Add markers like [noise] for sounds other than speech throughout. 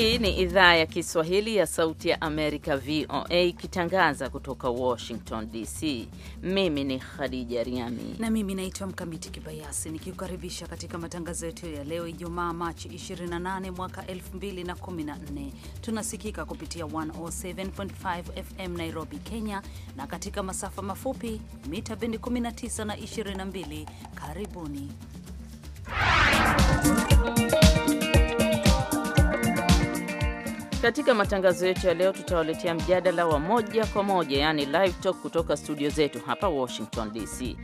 Hii ni idhaa ya Kiswahili ya Sauti ya Amerika, VOA, ikitangaza kutoka Washington DC. Mimi ni Khadija Riami na mimi naitwa Mkamiti Kibayasi, nikiukaribisha katika matangazo yetu ya leo, Ijumaa Machi 28 mwaka 2014. Tunasikika kupitia 107.5 FM Nairobi, Kenya, na katika masafa mafupi mita bendi 19 na 22. Karibuni katika matangazo yetu ya leo tutawaletea mjadala wa moja kwa moja, yani live talk kutoka studio zetu hapa Washington DC.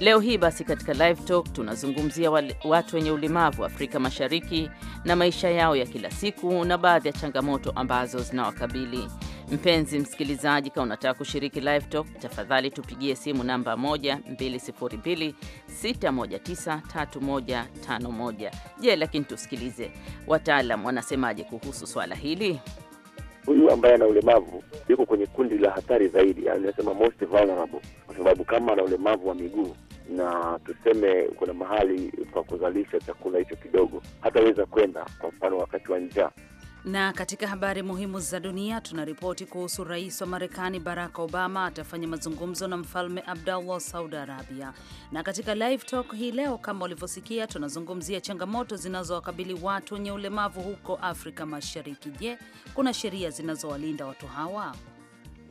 Leo hii basi, katika live talk tunazungumzia watu wenye ulemavu Afrika Mashariki na maisha yao ya kila siku na baadhi ya changamoto ambazo zinawakabili. Mpenzi msikilizaji, kama unataka kushiriki live talk, tafadhali tupigie simu namba 12026193151. Je, lakini tusikilize wataalam wanasemaje kuhusu swala hili. Huyu ambaye ana ulemavu yuko kwenye kundi la hatari zaidi, anasema most vulnerable, kwa sababu kama ana ulemavu wa miguu na tuseme kuna mahali pa kuzalisha chakula hicho kidogo, hataweza kwenda, kwa mfano wakati wa njaa na katika habari muhimu za dunia tunaripoti kuhusu rais wa Marekani Barack Obama atafanya mazungumzo na mfalme Abdullah Saudi Arabia. Na katika live talk hii leo, kama ulivyosikia, tunazungumzia changamoto zinazowakabili watu wenye ulemavu huko Afrika Mashariki. Je, kuna sheria zinazowalinda watu hawa?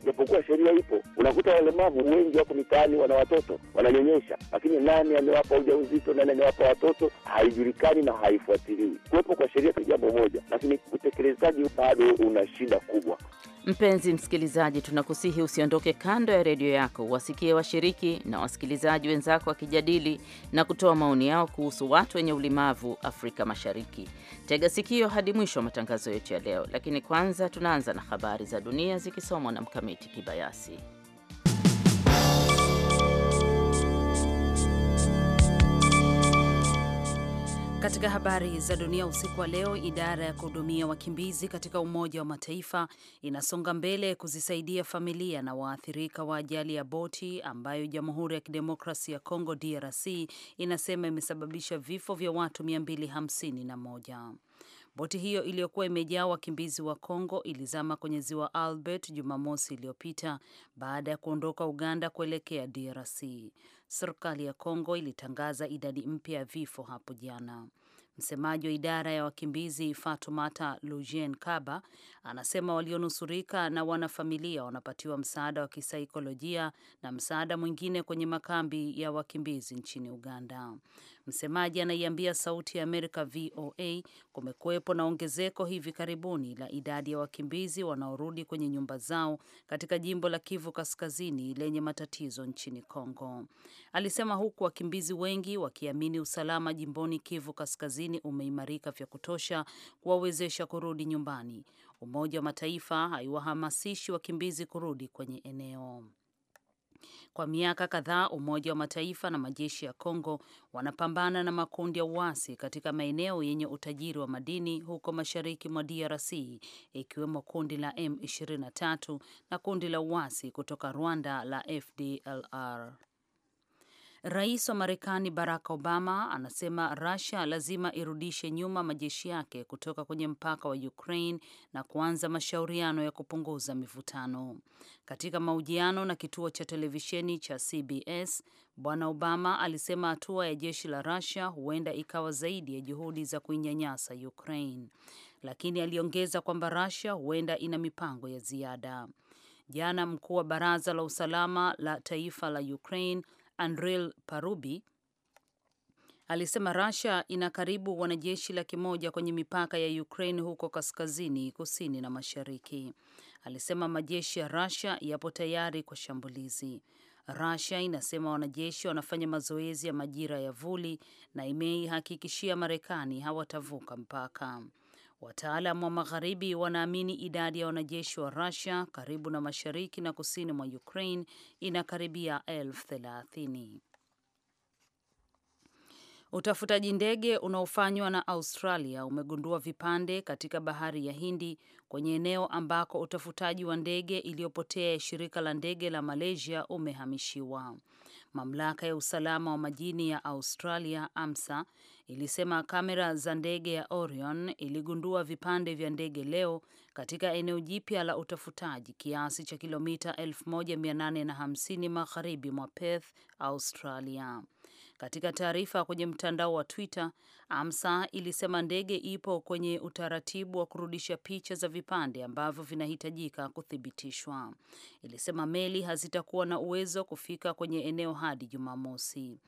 japokuwa sheria ipo. Unakuta walemavu wengi wako mitaani, wana watoto wananyonyesha, lakini nani amewapa ujauzito, nani amewapa watoto haijulikani na haifuatiliwi. Kuwepo kwa sheria ni jambo moja, lakini utekelezaji bado una shida kubwa. Mpenzi msikilizaji, tunakusihi usiondoke kando ya redio yako, wasikie washiriki na wasikilizaji wenzako wakijadili na kutoa maoni yao kuhusu watu wenye ulemavu Afrika Mashariki. Tega sikio hadi mwisho wa matangazo yetu ya leo, lakini kwanza tunaanza na habari za dunia zikisomwa na Mkamiti Kibayasi. Katika habari za dunia usiku wa leo, idara ya kuhudumia wakimbizi katika Umoja wa Mataifa inasonga mbele kuzisaidia familia na waathirika wa ajali ya boti ambayo Jamhuri ya Kidemokrasi ya Kongo DRC inasema imesababisha vifo vya watu 251. Boti hiyo iliyokuwa imejaa wakimbizi wa Kongo ilizama kwenye ziwa Albert Jumamosi iliyopita baada ya kuondoka Uganda kuelekea DRC serikali ya Kongo ilitangaza idadi mpya ya vifo hapo jana. Msemaji wa idara ya wakimbizi Fatumata Lujien Kaba anasema walionusurika na wanafamilia wanapatiwa msaada wa kisaikolojia na msaada mwingine kwenye makambi ya wakimbizi nchini Uganda. Msemaji anaiambia Sauti ya Amerika VOA kumekuwepo na ongezeko hivi karibuni la idadi ya wakimbizi wanaorudi kwenye nyumba zao katika jimbo la Kivu Kaskazini lenye matatizo nchini Kongo. Alisema huku wakimbizi wengi wakiamini usalama jimboni Kivu Kaskazini umeimarika vya kutosha kuwawezesha kurudi nyumbani. Umoja wa Mataifa haiwahamasishi wakimbizi kurudi kwenye eneo kwa miaka kadhaa, Umoja wa Mataifa na majeshi ya Kongo wanapambana na makundi ya uasi katika maeneo yenye utajiri wa madini huko mashariki mwa DRC, ikiwemo kundi la M23 na kundi la uasi kutoka Rwanda la FDLR. Rais wa Marekani Barack Obama anasema Russia lazima irudishe nyuma majeshi yake kutoka kwenye mpaka wa Ukraine na kuanza mashauriano ya kupunguza mivutano. Katika mahojiano na kituo cha televisheni cha CBS, Bwana Obama alisema hatua ya jeshi la Russia huenda ikawa zaidi ya juhudi za kuinyanyasa Ukraine, lakini aliongeza kwamba Russia huenda ina mipango ya ziada. Jana mkuu wa baraza la usalama la taifa la Ukraine Andril Parubi alisema Russia ina karibu wanajeshi laki moja kwenye mipaka ya Ukraine huko kaskazini, kusini na mashariki. Alisema majeshi ya Russia yapo tayari kwa shambulizi. Russia inasema wanajeshi wanafanya mazoezi ya majira ya vuli na imeihakikishia Marekani hawatavuka mpaka. Wataalam wa magharibi wanaamini idadi ya wanajeshi wa Rusia karibu na mashariki na kusini mwa Ukraine inakaribia elfu thelathini. Utafutaji ndege unaofanywa na Australia umegundua vipande katika bahari ya Hindi kwenye eneo ambako utafutaji wa ndege iliyopotea ya shirika la ndege la Malaysia umehamishiwa. Mamlaka ya usalama wa majini ya Australia, AMSA, ilisema kamera za ndege ya Orion iligundua vipande vya ndege leo katika eneo jipya la utafutaji kiasi cha kilomita 1850 magharibi mwa Perth, Australia. Katika taarifa kwenye mtandao wa Twitter, AMSA ilisema ndege ipo kwenye utaratibu wa kurudisha picha za vipande ambavyo vinahitajika kuthibitishwa. Ilisema meli hazitakuwa na uwezo kufika kwenye eneo hadi Jumamosi.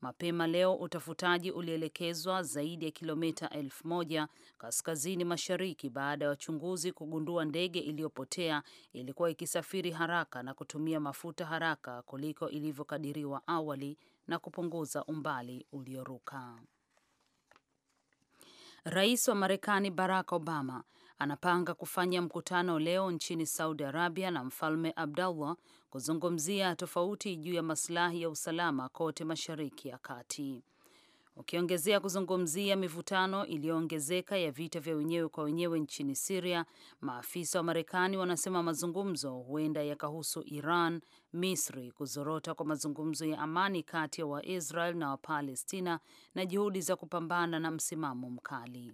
Mapema leo utafutaji ulielekezwa zaidi ya kilomita elfu moja kaskazini mashariki baada ya wachunguzi kugundua ndege iliyopotea ilikuwa ikisafiri haraka na kutumia mafuta haraka kuliko ilivyokadiriwa awali na kupunguza umbali ulioruka. Rais wa Marekani Barack Obama anapanga kufanya mkutano leo nchini Saudi Arabia na Mfalme Abdullah kuzungumzia tofauti juu ya masilahi ya usalama kote Mashariki ya Kati ukiongezea kuzungumzia mivutano iliyoongezeka ya vita vya wenyewe kwa wenyewe nchini Siria. Maafisa wa Marekani wanasema mazungumzo huenda yakahusu Iran, Misri, kuzorota kwa mazungumzo ya amani kati ya Waisrael na Wapalestina na juhudi za kupambana na msimamo mkali.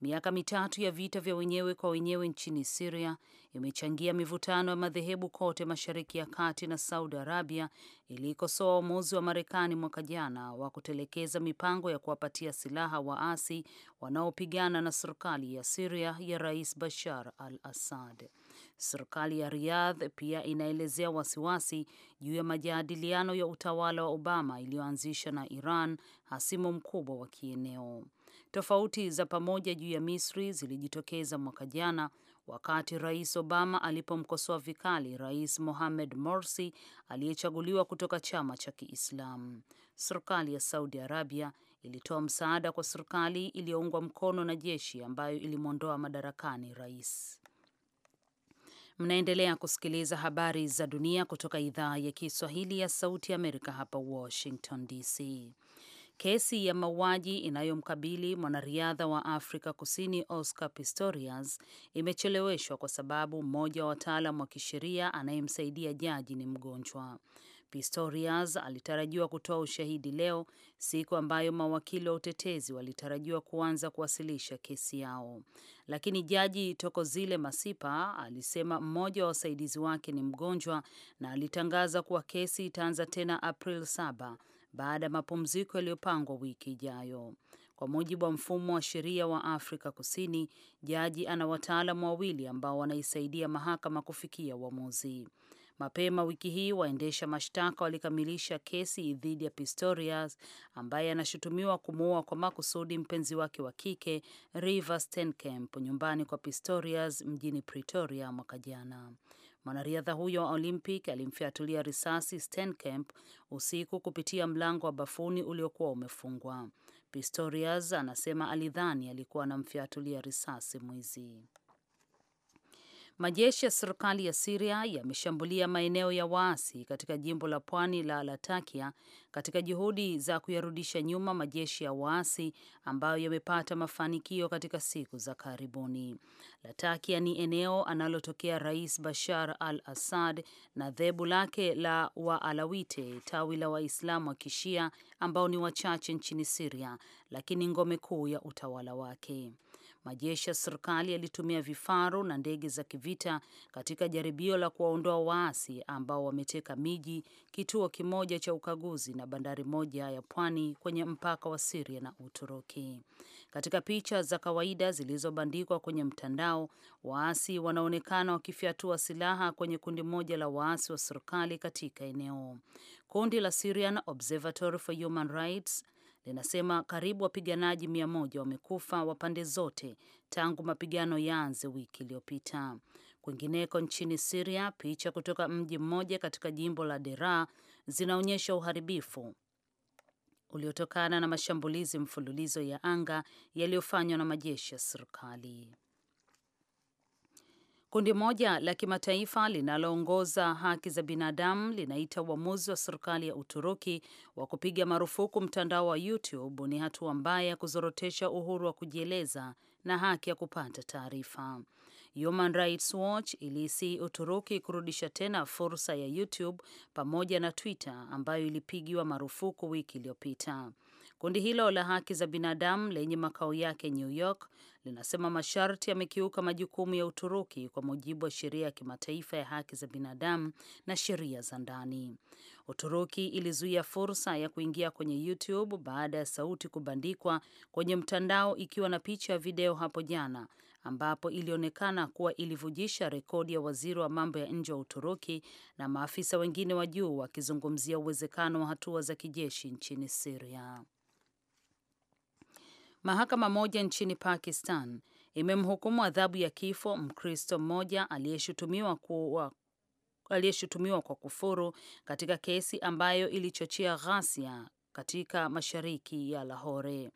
Miaka mitatu ya vita vya wenyewe kwa wenyewe nchini Siria imechangia mivutano ya madhehebu kote Mashariki ya Kati, na Saudi Arabia ilikosoa uamuzi wa Marekani mwaka jana wa kutelekeza mipango ya kuwapatia silaha waasi wanaopigana na serikali ya Siria ya Rais Bashar al Assad. Serikali ya Riyadh pia inaelezea wasiwasi juu ya majadiliano ya utawala wa Obama iliyoanzisha na Iran, hasimu mkubwa wa kieneo. Tofauti za pamoja juu ya Misri zilijitokeza mwaka jana wakati Rais Obama alipomkosoa vikali Rais Mohamed Morsi aliyechaguliwa kutoka chama cha Kiislamu. Serikali ya Saudi Arabia ilitoa msaada kwa serikali iliyoungwa mkono na jeshi ambayo ilimwondoa madarakani rais. Mnaendelea kusikiliza habari za dunia kutoka idhaa ya Kiswahili ya Sauti ya Amerika hapa Washington DC kesi ya mauaji inayomkabili mwanariadha wa Afrika Kusini Oscar Pistorius imecheleweshwa kwa sababu mmoja wa wataalam wa kisheria anayemsaidia jaji ni mgonjwa. Pistorius alitarajiwa kutoa ushahidi leo, siku ambayo mawakili wa utetezi walitarajiwa kuanza kuwasilisha kesi yao, lakini jaji zile Masipa alisema mmoja wa wasaidizi wake ni mgonjwa na alitangaza kuwa kesi itaanza tena April saba baada ya mapumziko yaliyopangwa wiki ijayo. Kwa mujibu wa mfumo wa sheria wa Afrika Kusini, jaji ana wataalamu wawili ambao wanaisaidia mahakama kufikia uamuzi. Mapema wiki hii waendesha mashtaka walikamilisha kesi dhidi ya Pistorius ambaye anashutumiwa kumuua kwa makusudi mpenzi wake wa kike river Steenkamp nyumbani kwa Pistorius mjini Pretoria mwaka jana. Mwanariadha huyo wa Olympic alimfyatulia risasi Steenkamp usiku kupitia mlango wa bafuni uliokuwa umefungwa. Pistorius anasema alidhani alikuwa anamfyatulia risasi mwizi. Majeshi ya serikali ya Siria yameshambulia maeneo ya waasi katika jimbo la pwani la Latakia katika juhudi za kuyarudisha nyuma majeshi ya waasi ambayo yamepata mafanikio katika siku za karibuni. Latakia ni eneo analotokea Rais Bashar al Assad na dhehebu lake la Waalawite, tawi la Waislamu wa Kishia ambao ni wachache nchini Siria, lakini ngome kuu ya utawala wake. Majeshi ya serikali yalitumia vifaru na ndege za kivita katika jaribio la kuwaondoa waasi ambao wameteka miji, kituo kimoja cha ukaguzi na bandari moja ya pwani kwenye mpaka wa Siria na Uturuki. Katika picha za kawaida zilizobandikwa kwenye mtandao, waasi wanaonekana wakifyatua silaha kwenye kundi moja la waasi wa serikali katika eneo. Kundi la Syrian Observatory for Human Rights linasema karibu wapiganaji mia moja wamekufa wa pande zote tangu mapigano yaanze wiki iliyopita. Kwingineko nchini Siria, picha kutoka mji mmoja katika jimbo la Deraa zinaonyesha uharibifu uliotokana na mashambulizi mfululizo ya anga yaliyofanywa na majeshi ya serikali. Kundi moja la kimataifa linaloongoza haki za binadamu linaita uamuzi wa serikali ya Uturuki wa kupiga marufuku mtandao wa YouTube ni hatua mbaya ya kuzorotesha uhuru wa kujieleza na haki ya kupata taarifa. Human Rights Watch iliisii Uturuki kurudisha tena fursa ya YouTube pamoja na Twitter ambayo ilipigiwa marufuku wiki iliyopita. Kundi hilo la haki za binadamu lenye makao yake New York linasema masharti yamekiuka majukumu ya Uturuki kwa mujibu wa sheria ya kimataifa ya haki za binadamu na sheria za ndani. Uturuki ilizuia fursa ya kuingia kwenye YouTube baada ya sauti kubandikwa kwenye mtandao ikiwa na picha ya video hapo jana, ambapo ilionekana kuwa ilivujisha rekodi ya waziri wa mambo ya nje wa Uturuki na maafisa wengine wa juu wakizungumzia uwezekano wa hatua za kijeshi nchini siria Mahakama moja nchini Pakistan imemhukumu adhabu ya kifo Mkristo mmoja aliyeshutumiwa kuwa aliyeshutumiwa kwa kufuru katika kesi ambayo ilichochea ghasia katika mashariki ya Lahore.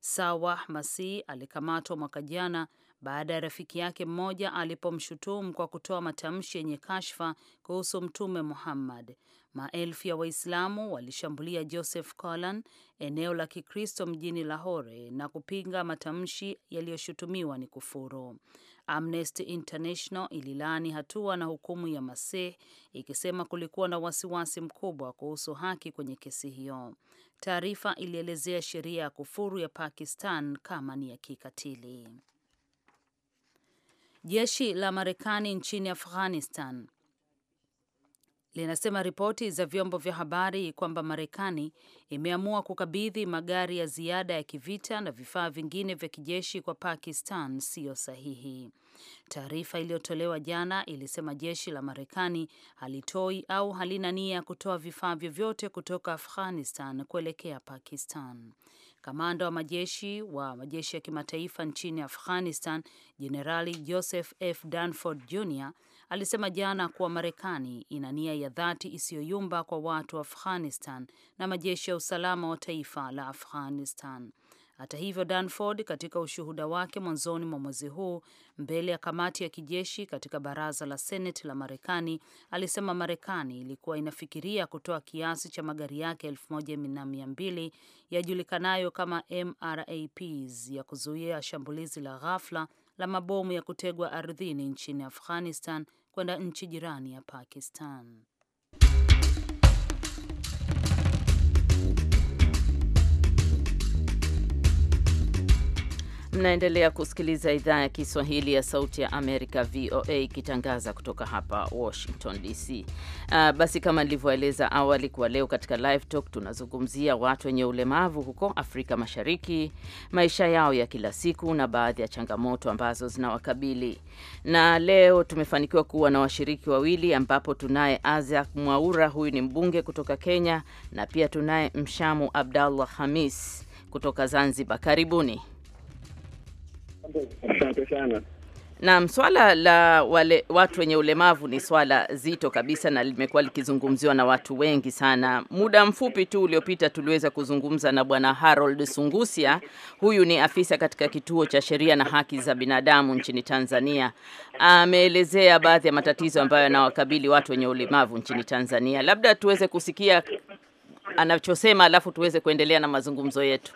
Sawah Masih alikamatwa mwaka jana baada ya rafiki yake mmoja alipomshutumu kwa kutoa matamshi yenye kashfa kuhusu Mtume Muhammad. Maelfu ya Waislamu walishambulia Joseph colan eneo la Kikristo mjini Lahore, na kupinga matamshi yaliyoshutumiwa ni kufuru. Amnesty International ililaani hatua na hukumu ya Masih ikisema kulikuwa na wasiwasi mkubwa kuhusu haki kwenye kesi hiyo. Taarifa ilielezea sheria ya kufuru ya Pakistan kama ni ya kikatili. Jeshi la Marekani nchini Afghanistan linasema ripoti za vyombo vya habari kwamba Marekani imeamua kukabidhi magari ya ziada ya kivita na vifaa vingine vya kijeshi kwa Pakistan siyo sahihi. Taarifa iliyotolewa jana ilisema jeshi la Marekani halitoi au halina nia ya kutoa vifaa vyovyote kutoka Afghanistan kuelekea Pakistan. Kamanda wa majeshi wa majeshi ya kimataifa nchini Afghanistan, Jenerali Joseph F Dunford Jr alisema jana kuwa Marekani ina nia ya dhati isiyoyumba kwa watu wa Afghanistan na majeshi ya usalama wa taifa la Afghanistan. Hata hivyo, Danford katika ushuhuda wake mwanzoni mwa mwezi huu mbele ya kamati ya kijeshi katika baraza la Seneti la Marekani alisema Marekani ilikuwa inafikiria kutoa kiasi cha magari yake elfu moja na mia mbili yajulikanayo kama MRAPs ya kuzuia shambulizi la ghafla la mabomu ya kutegwa ardhini nchini Afghanistan kwenda nchi jirani ya Pakistan. Mnaendelea kusikiliza idhaa ya Kiswahili ya Sauti ya Amerika, VOA, ikitangaza kutoka hapa Washington DC. Uh, ah, basi kama nilivyoeleza awali, kwa leo katika Live Talk tunazungumzia watu wenye ulemavu huko Afrika Mashariki, maisha yao ya kila siku na baadhi ya changamoto ambazo zinawakabili. Na leo tumefanikiwa kuwa na washiriki wawili, ambapo tunaye Azak Mwaura, huyu ni mbunge kutoka Kenya, na pia tunaye Mshamu Abdallah Hamis kutoka Zanzibar. Karibuni. Asante sana. Naam, swala la wale watu wenye ulemavu ni swala zito kabisa na limekuwa likizungumziwa na watu wengi sana. Muda mfupi tu uliopita tuliweza kuzungumza na Bwana Harold Sungusia. Huyu ni afisa katika kituo cha sheria na haki za binadamu nchini Tanzania. Ameelezea baadhi ya matatizo ambayo yanawakabili watu wenye ulemavu nchini Tanzania. Labda tuweze kusikia anachosema, alafu tuweze kuendelea na mazungumzo yetu.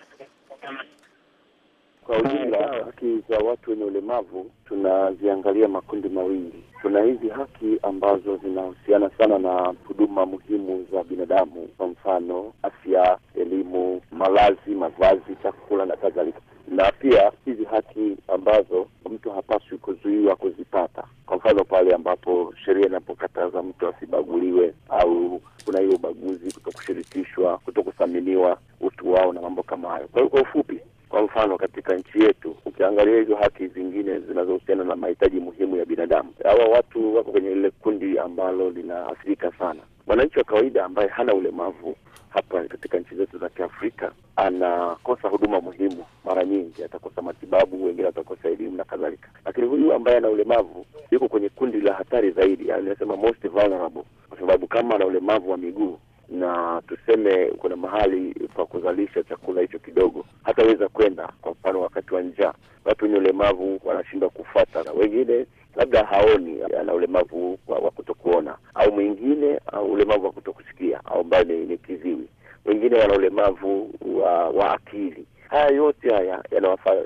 Kwa ujumla, haki za watu wenye ulemavu tunaziangalia makundi mawili. Tuna hizi haki ambazo zinahusiana sana na huduma muhimu za binadamu, kwa mfano afya, elimu, malazi, mavazi, chakula na kadhalika, na pia hizi haki ambazo mtu hapaswi kuzuiwa kuzipata, kwa mfano pale ambapo sheria inapokataza mtu asibaguliwe au kuna hiyo ubaguzi, kuto kushirikishwa kuto kuthaminiwa utu wao na mambo kama hayo. Kwa hiyo kwa ufupi kwa mfano katika nchi yetu, ukiangalia hizo haki zingine zinazohusiana na mahitaji muhimu ya binadamu, hawa watu wako kwenye lile kundi ambalo linaathirika sana. Mwananchi wa kawaida ambaye hana ulemavu hapa katika nchi zetu za Kiafrika anakosa huduma muhimu, mara nyingi atakosa matibabu, wengine watakosa elimu na kadhalika. Lakini huyu ambaye ana ulemavu yuko kwenye kundi la hatari zaidi, yani most vulnerable, kwa sababu kama ana ulemavu wa miguu na tuseme kuna mahali pa kuzalisha chakula hicho kidogo, hataweza kwenda. Kwa mfano, wakati wa njaa, watu wenye ulemavu wanashindwa kufata, na wengine labda haoni, ana ulemavu wa kutokuona, au mwingine ulemavu wa kutokusikia, au ambayo ni, ni kiziwi. Wengine wana ulemavu wa, wa akili Haya yote haya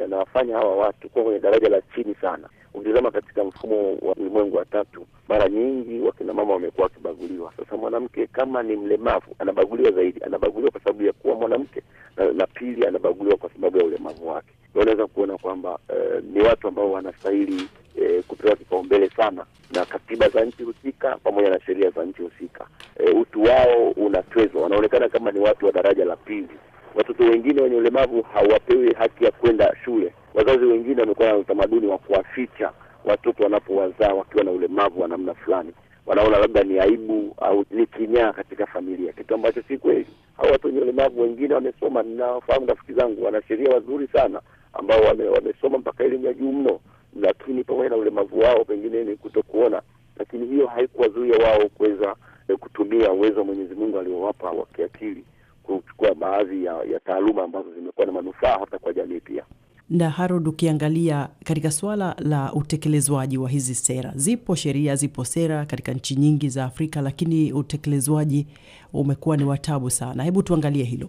yanawafanya hawa watu kuwa kwenye daraja la chini sana. Ukitizama katika mfumo wa ulimwengu wa tatu, mara nyingi wakina mama wamekuwa wakibaguliwa. Sasa mwanamke kama ni mlemavu anabaguliwa zaidi, anabaguliwa kwa sababu ya kuwa mwanamke na, na pili anabaguliwa kwa sababu ya ulemavu wake. Unaweza kuona kwamba eh, ni watu ambao wanastahili eh, kupewa kipaumbele sana na katiba za nchi husika pamoja na sheria za nchi husika. Eh, utu wao unatwezwa, wanaonekana kama ni watu wa daraja la pili watoto wengine wenye ulemavu hawapewi haki ya kwenda shule. Wazazi wengine wamekuwa na utamaduni wa kuwaficha watoto wanapowazaa wakiwa na ulemavu wa namna fulani, wanaona labda ni aibu au ni kinyaa katika familia, kitu ambacho si kweli. Hao watu wenye ulemavu wengine wamesoma, ninawafahamu rafiki zangu, wana sheria wazuri sana ambao wame, wamesoma mpaka elimu ya juu mno, lakini pamoja na ulemavu wao pengine ni kutokuona, lakini hiyo haikuwazuia wao kuweza kutumia uwezo wa Mwenyezi Mungu aliowapa wa kiakili kuchukua baadhi ya, ya taaluma ambazo zimekuwa na manufaa hata kwa jamii pia. Na harod ukiangalia katika suala la utekelezwaji wa hizi sera, zipo sheria, zipo sera katika nchi nyingi za Afrika, lakini utekelezwaji umekuwa ni watabu sana. Hebu tuangalie hilo.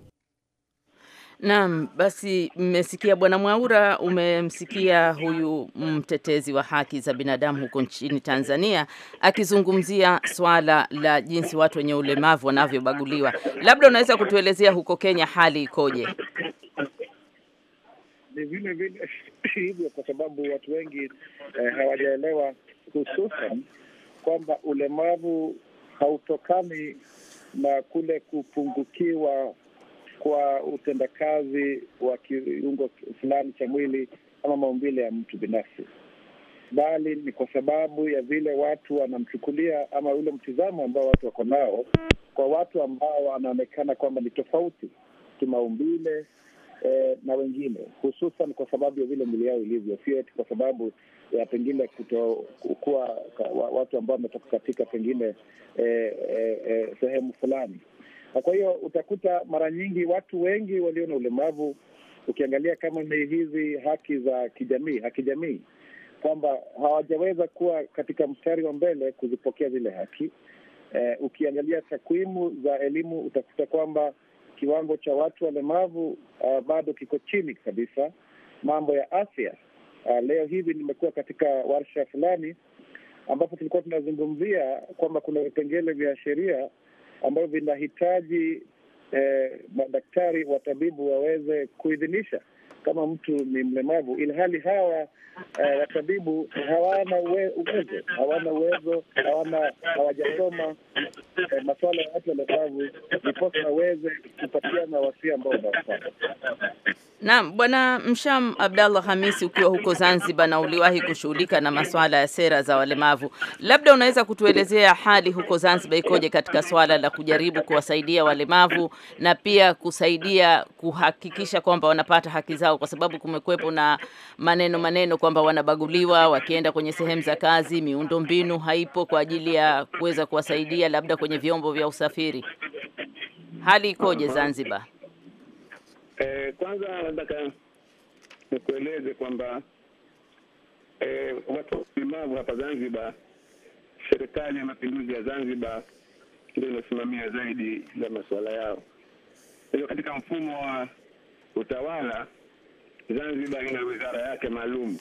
Naam, basi mmesikia Bwana Mwaura, umemsikia huyu mtetezi wa haki za binadamu huko nchini Tanzania akizungumzia swala la jinsi watu wenye ulemavu wanavyobaguliwa. Labda unaweza kutuelezea huko Kenya hali ikoje? Ni vile vile [coughs] hivyo, kwa sababu watu wengi eh, hawajaelewa hususan kwamba ulemavu hautokani na kule kupungukiwa kwa utendakazi wa kiungo fulani cha mwili ama maumbile ya mtu binafsi, bali ni kwa sababu ya vile watu wanamchukulia ama ule mtizamo ambao watu wako nao kwa watu ambao wanaonekana kwamba ni tofauti kimaumbile eh, na wengine, hususan kwa sababu ya vile mwili yao ilivyo, sio eti kwa sababu ya pengine kutokuwa watu ambao wametoka katika pengine eh, eh, eh, sehemu fulani na kwa hiyo utakuta mara nyingi watu wengi walio na ulemavu, ukiangalia kama ni hizi haki za kijamii, haki jamii, kwamba hawajaweza kuwa katika mstari wa mbele kuzipokea zile haki. Eh, ukiangalia takwimu za elimu utakuta kwamba kiwango cha watu walemavu uh, bado kiko chini kabisa. Mambo ya afya uh, leo hivi nimekuwa katika warsha fulani ambapo tulikuwa tunazungumzia kwamba kuna vipengele vya sheria ambavyo vinahitaji eh, madaktari watabibu waweze kuidhinisha kama mtu ni mlemavu, ili hali hawa eh, watabibu uh, hawana uwezo, hawana uwezo, hawana hawajasoma uh, eh, masuala ya watu walemavu, ndiposa waweze kupatiana wasia ambao unawafaa. Naam, Bwana Msham Abdallah Hamisi, ukiwa huko Zanzibar na uliwahi kushughulika na masuala ya sera za walemavu, labda unaweza kutuelezea hali huko Zanzibar ikoje katika swala la kujaribu kuwasaidia walemavu na pia kusaidia kuhakikisha kwamba wanapata haki zao zao, kwa sababu kumekuwepo na maneno maneno kwamba wanabaguliwa wakienda kwenye sehemu za kazi, miundo mbinu haipo kwa ajili ya kuweza kuwasaidia labda kwenye vyombo vya usafiri. Hali ikoje Zanzibar? Eh, kwanza nataka nikueleze kwamba eh, watu wa ulemavu hapa Zanzibar, serikali ya mapinduzi ya Zanzibar ndio inasimamia zaidi za masuala yao. Hivyo katika mfumo wa utawala Zanzibar ina wizara yake maalum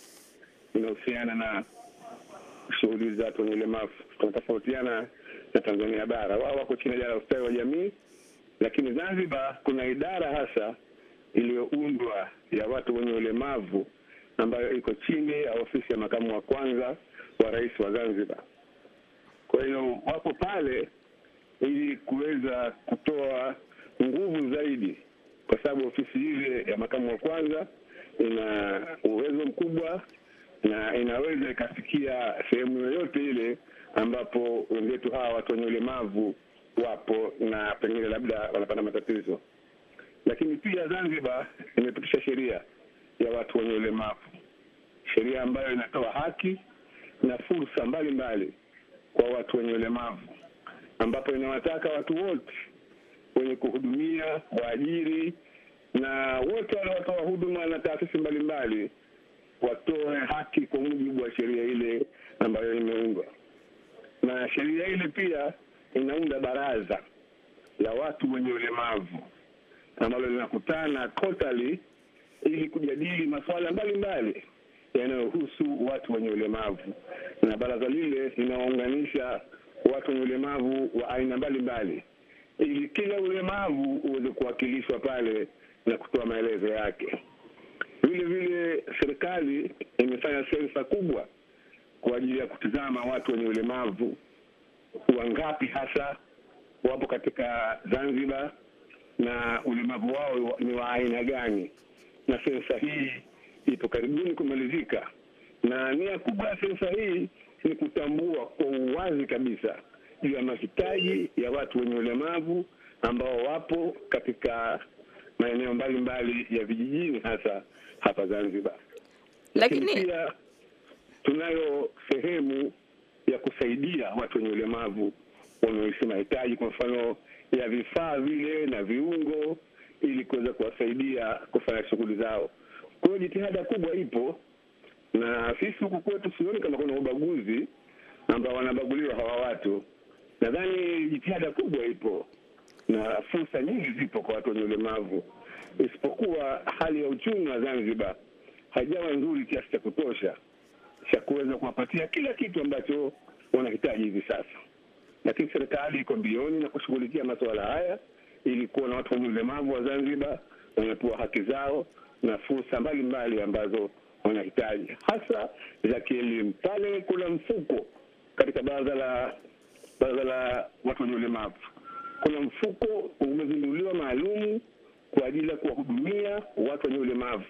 inahusiana na shughuli za watu wenye ulemavu. Tunatofautiana na Tanzania bara, wao wako chini ya idara ya ustawi wa jamii, lakini Zanzibar kuna idara hasa iliyoundwa ya watu wenye ulemavu ambayo iko chini ya ofisi ya makamu wa kwanza wa rais wa Zanzibar. Kwa hiyo wapo pale ili kuweza kutoa nguvu zaidi, kwa sababu ofisi ile ya makamu wa kwanza ina uwezo mkubwa na inaweza ikafikia sehemu yoyote ile ambapo wenzetu hawa watu wenye ulemavu wapo na pengine labda wanapata matatizo. Lakini pia Zanzibar imepitisha sheria ya watu wenye ulemavu, sheria ambayo inatoa haki na fursa mbalimbali kwa watu wenye ulemavu, ambapo inawataka watu wote wenye kuhudumia, waajiri na wote wanaotoa huduma na taasisi mbalimbali watoe haki kwa mujibu wa sheria ile ambayo imeundwa. Na sheria ile pia inaunda baraza la watu wenye ulemavu ambalo linakutana kotali ili kujadili masuala mbalimbali yanayohusu watu wenye ulemavu, na baraza lile linawaunganisha watu wenye ulemavu wa aina mbalimbali ili kila ulemavu uweze kuwakilishwa pale na kutoa maelezo yake. Vile vile serikali imefanya sensa kubwa kwa ajili ya kutizama watu wenye ulemavu wangapi hasa wapo katika Zanzibar na ulemavu wao ni wa aina gani, na sensa hii ipo karibuni kumalizika, na nia kubwa ya sensa hii ni kutambua kwa uwazi kabisa juu ya mahitaji ya watu wenye ulemavu ambao wapo katika maeneo mbalimbali ya vijijini hasa hapa Zanzibar. Lakini pia tunayo sehemu ya kusaidia watu wenye ulemavu wanaoishi mahitaji, kwa mfano ya vifaa vile na viungo, ili kuweza kuwasaidia kufanya shughuli zao. Kwa hiyo jitihada kubwa ipo, na sisi huku kwetu sioni kama kuna ubaguzi ambao wanabaguliwa hawa watu. Nadhani jitihada kubwa ipo na fursa nyingi zipo kwa watu wenye ulemavu, isipokuwa hali ya uchumi wa Zanzibar haijawa nzuri kiasi cha kutosha cha kuweza kuwapatia kila kitu ambacho wanahitaji hivi sasa. Lakini serikali iko mbioni na kushughulikia masuala haya ili kuwa na watu wenye ulemavu wa Zanzibar wanapewa haki zao na fursa mbalimbali ambazo wanahitaji hasa za kielimu. Pale kuna mfuko katika baraza la baraza la watu wenye ulemavu kuna mfuko umezinduliwa maalum kwa ajili ya kuwahudumia watu wenye ulemavu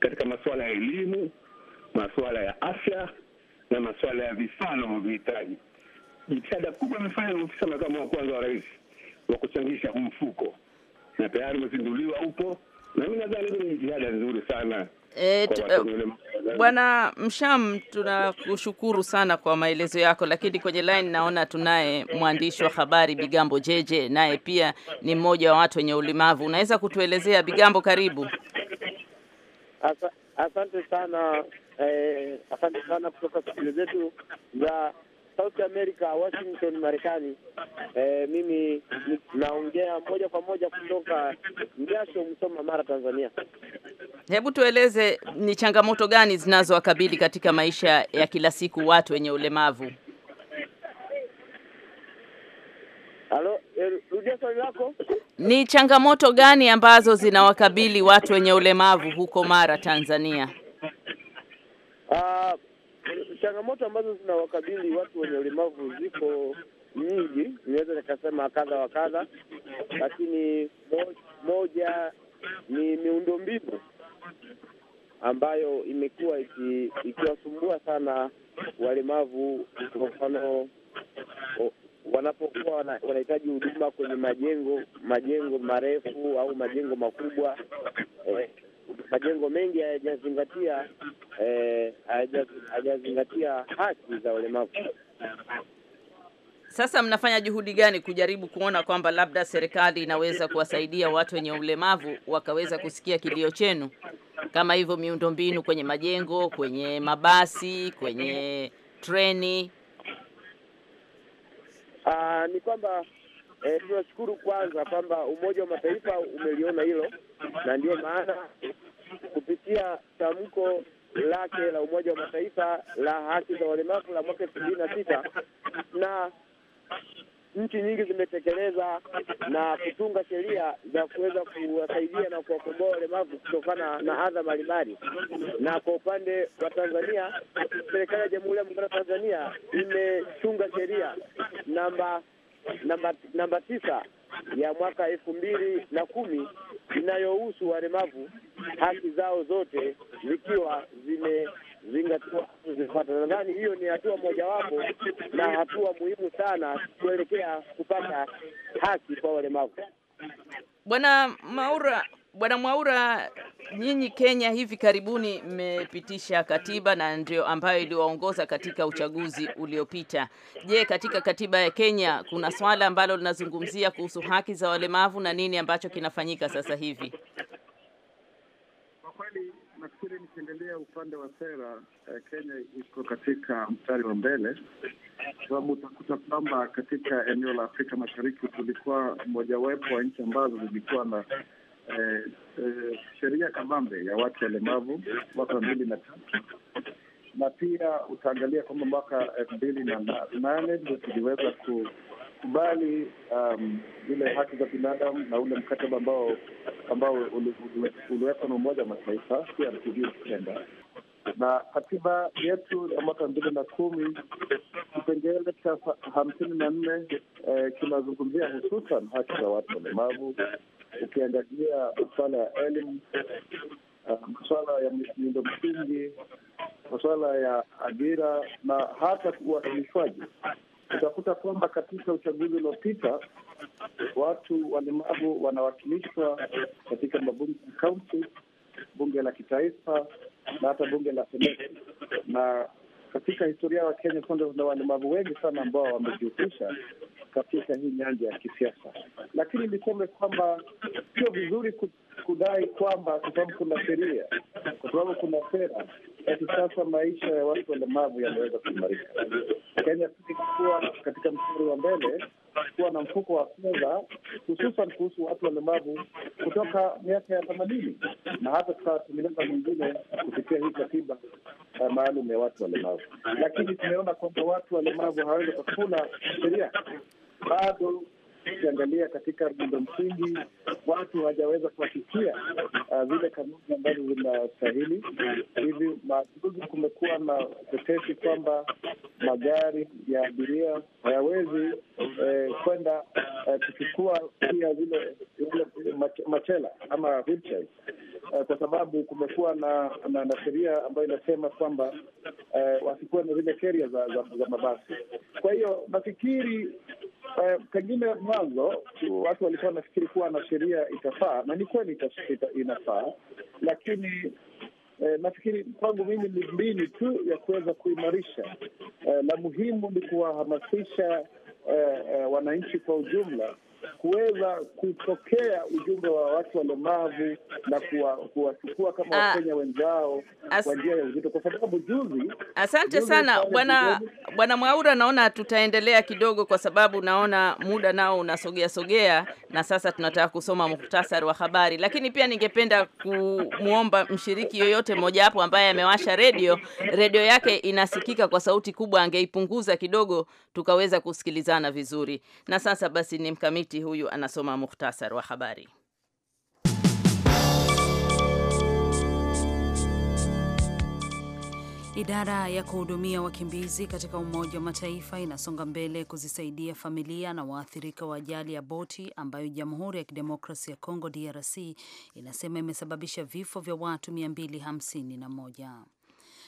katika masuala ya elimu, masuala ya afya na masuala ya vifaa vinavyohitaji. Jitihada kubwa imefanya na ofisa makamu wa kwanza wa rais wa kuchangisha huu mfuko, na tayari umezinduliwa, upo na mi nadhani hizo ni jitihada nzuri sana E, Bwana Msham, tunakushukuru sana kwa maelezo yako, lakini kwenye line naona tunaye mwandishi wa habari Bigambo Jeje, naye pia ni mmoja wa watu wenye ulemavu. Unaweza kutuelezea Bigambo? Karibu. Asante sana eh, asante sana kutoka studio zetu za Sauti America, Washington, Marekani. Eh, mimi naongea moja kwa moja kutoka Mjasho, Msoma, Mara, Tanzania. Hebu tueleze ni changamoto gani zinazowakabili katika maisha ya kila siku watu wenye ulemavu? Halo, eh, rudia swali lako. Ni changamoto gani ambazo zinawakabili watu wenye ulemavu huko Mara, Tanzania? Uh, Changamoto ambazo zinawakabili watu wenye ulemavu ziko nyingi, inaweza nikasema kadha wa kadha, lakini moja ni miundombinu ambayo imekuwa ikiwasumbua iki sana walemavu, kwa mfano wanapokuwa wanahitaji huduma kwenye majengo majengo marefu au majengo makubwa eh, majengo mengi hayajazingatia eh, hayajazingatia eh, haki za ulemavu Sasa mnafanya juhudi gani kujaribu kuona kwamba labda serikali inaweza kuwasaidia watu wenye ulemavu wakaweza kusikia kilio chenu, kama hivyo miundombinu kwenye majengo, kwenye mabasi, kwenye treni? Aa, ah, ni kwamba eh, tunashukuru eh, kwanza kwamba Umoja wa Mataifa umeliona hilo na ndiyo maana kupitia tamko lake la Umoja wa Mataifa la haki za walemavu la mwaka elfu mbili na sita na nchi nyingi zimetekeleza na kutunga sheria za kuweza kuwasaidia na kuwakomboa walemavu kutokana na adha mbalimbali. Na kwa upande wa Tanzania, serikali ya Jamhuri ya Muungano wa Tanzania imetunga sheria namba namba namba tisa ya mwaka elfu mbili na kumi inayohusu walemavu, haki zao zote zikiwa zimezingatiwa, zimepata. Nadhani hiyo ni hatua mojawapo na hatua muhimu sana kuelekea kupata haki kwa walemavu. Bwana Maura, Bwana Mwaura, nyinyi Kenya hivi karibuni mmepitisha katiba na ndio ambayo iliwaongoza katika uchaguzi uliopita. Je, katika katiba ya Kenya kuna swala ambalo linazungumzia kuhusu haki za walemavu na nini ambacho kinafanyika sasa hivi? Kwa kweli nafikiri nikiendelea upande wa sera, eh, Kenya iko katika mstari wa mbele, sababu utakuta kwamba katika eneo la Afrika Mashariki tulikuwa mojawapo wa nchi ambazo zilikuwa na eh, eh, sheria kabambe ya watu walemavu mwaka elfu mbili na tatu na pia utaangalia kwamba mwaka elfu mbili na nane ndio tuliweza kukubali um, zile haki za binadamu na ule mkataba ambao ambao uliwekwa na Umoja wa Mataifa pia mtujui na katiba yetu ya mwaka mbili na kumi kipengele cha hamsini na nne eh, kinazungumzia hususan haki za watu walemavu ukiangazia masuala ya elimu, eh, masuala ya miundo msingi, masuala ya ajira na hata uwakilishwaji, utakuta kwamba katika uchaguzi uliopita watu walemavu wanawakilishwa katika mabunge ya kaunti, bunge la kitaifa na hata bunge la seneti na katika historia ya Kenya kuna walemavu wengi sana ambao wamejihusisha katika hii nyanja ya kisiasa, lakini niseme kwamba sio vizuri kudai kwamba kwa sababu kuna sheria, kwa sababu kuna sera lakini sasa maisha ya watu walemavu yameweza kuimarika. Kenya kuwa katika mstari wa mbele kuwa na mfuko wa fedha hususan kuhusu watu walemavu kutoka miaka ya themanini na hata tukatengeneza mwingine kupitia hii katiba uh, maalum ya watu walemavu, lakini tumeona kwamba watu walemavu hawawezi kukula sheria bado. Ukiangalia katika miundo msingi, watu hawajaweza kuwafikia Ah, vile kanuni ambazo zinastahili hivi. Majuzi kumekuwa na tetesi kwamba magari ya abiria hayawezi eh, kwenda eh, kuchukua pia zile machela ama wheelchair eh, kwa sababu kumekuwa na, na, na sheria ambayo inasema kwamba eh, wasikuwe na zile keria za, za, za mabasi. Kwa hiyo nafikiri Uh, pengine mwanzo watu walikuwa wanafikiri kuwa na sheria itafaa na ni kweli inafaa, lakini eh, nafikiri kwangu mimi ni mbinu tu ya kuweza kuimarisha. Eh, la muhimu ni kuwahamasisha eh, eh, wananchi kwa ujumla kuweza kupokea ujumbe wa watu walemavu na kuwachukua kama ah, Wakenya wenzao kwa njia ya uzito, kwa sababu juzi. Asante sana bwana bwana Mwaura, naona tutaendelea kidogo, kwa sababu naona muda nao unasogea sogea, na sasa tunataka kusoma muhtasari wa habari, lakini pia ningependa kumwomba mshiriki yoyote mmojawapo ambaye amewasha redio, redio yake inasikika kwa sauti kubwa, angeipunguza kidogo tukaweza kusikilizana vizuri. Na sasa basi ni mkamiti Mkamiti huyu anasoma muhtasari wa habari. Idara ya kuhudumia wakimbizi katika Umoja wa Mataifa inasonga mbele kuzisaidia familia na waathirika wa ajali ya boti ambayo Jamhuri ya Kidemokrasi ya Kongo DRC inasema imesababisha vifo vya watu 251.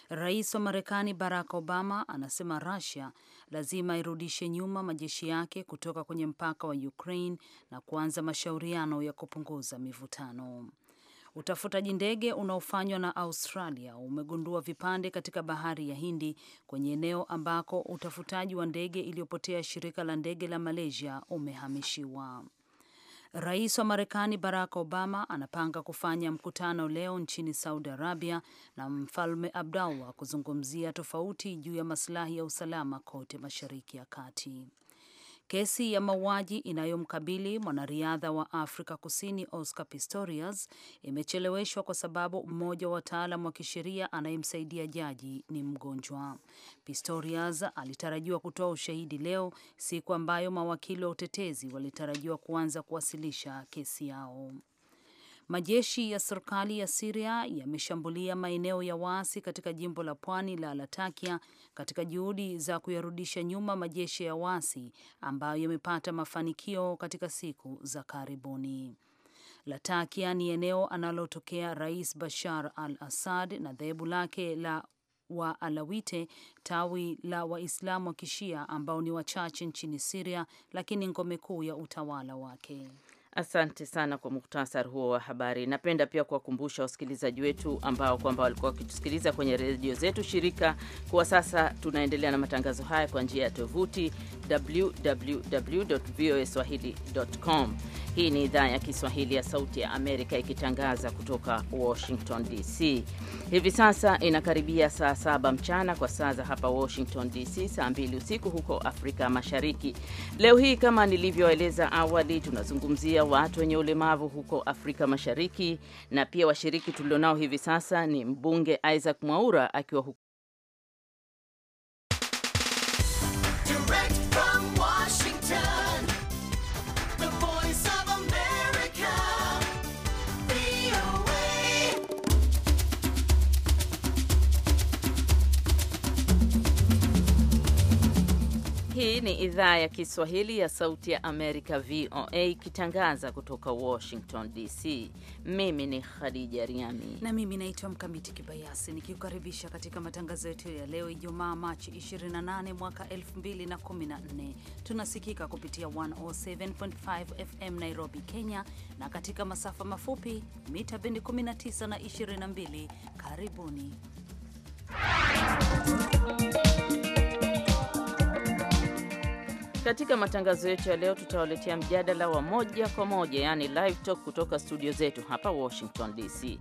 Rais wa Marekani Barack Obama anasema Russia lazima irudishe nyuma majeshi yake kutoka kwenye mpaka wa Ukraine na kuanza mashauriano ya kupunguza mivutano. Utafutaji ndege unaofanywa na Australia umegundua vipande katika bahari ya Hindi kwenye eneo ambako utafutaji wa ndege iliyopotea shirika la ndege la Malaysia umehamishiwa. Rais wa Marekani Barack Obama anapanga kufanya mkutano leo nchini Saudi Arabia na Mfalme Abdallah kuzungumzia tofauti juu ya masilahi ya usalama kote Mashariki ya Kati. Kesi ya mauaji inayomkabili mwanariadha wa Afrika Kusini Oscar Pistorius imecheleweshwa kwa sababu mmoja wa wataalam wa kisheria anayemsaidia jaji ni mgonjwa. Pistorius alitarajiwa kutoa ushahidi leo, siku ambayo mawakili wa utetezi walitarajiwa kuanza kuwasilisha kesi yao. Majeshi ya serikali ya Siria yameshambulia maeneo ya waasi katika jimbo la pwani la Latakia katika juhudi za kuyarudisha nyuma majeshi ya waasi ambayo yamepata mafanikio katika siku za karibuni. Latakia ni eneo analotokea Rais Bashar al Assad na dhehebu lake la wa Alawite, tawi la Waislamu wa Kishia ambao ni wachache nchini Siria, lakini ngome kuu ya utawala wake. Asante sana kwa muktasar huo wa habari. Napenda pia kuwakumbusha wasikilizaji wetu ambao kwamba walikuwa wakitusikiliza kwenye redio zetu shirika, kuwa sasa tunaendelea na matangazo haya kwa njia ya tovuti www.voaswahili.com. Hii ni idhaa ya Kiswahili ya Sauti ya Amerika ikitangaza kutoka Washington DC. Hivi sasa inakaribia saa saba mchana kwa saa za hapa Washington DC, saa mbili usiku huko Afrika Mashariki. Leo hii kama nilivyoeleza awali, tunazungumzia watu wenye ulemavu huko Afrika Mashariki, na pia washiriki tulionao hivi sasa ni mbunge Isaac Mwaura akiwa huko Hii ni idhaa ya Kiswahili ya Sauti ya Amerika, VOA, ikitangaza kutoka Washington DC. Mimi ni Khadija Riami na mimi naitwa Mkamiti Kibayasi, nikiukaribisha katika matangazo yetu ya leo, Ijumaa Machi 28 mwaka 2014. Tunasikika kupitia 107.5 FM Nairobi, Kenya, na katika masafa mafupi mita bendi 19 na 22. Karibuni Katika matangazo yetu ya leo tutawaletea mjadala wa moja kwa moja, yani live talk kutoka studio zetu hapa Washington DC.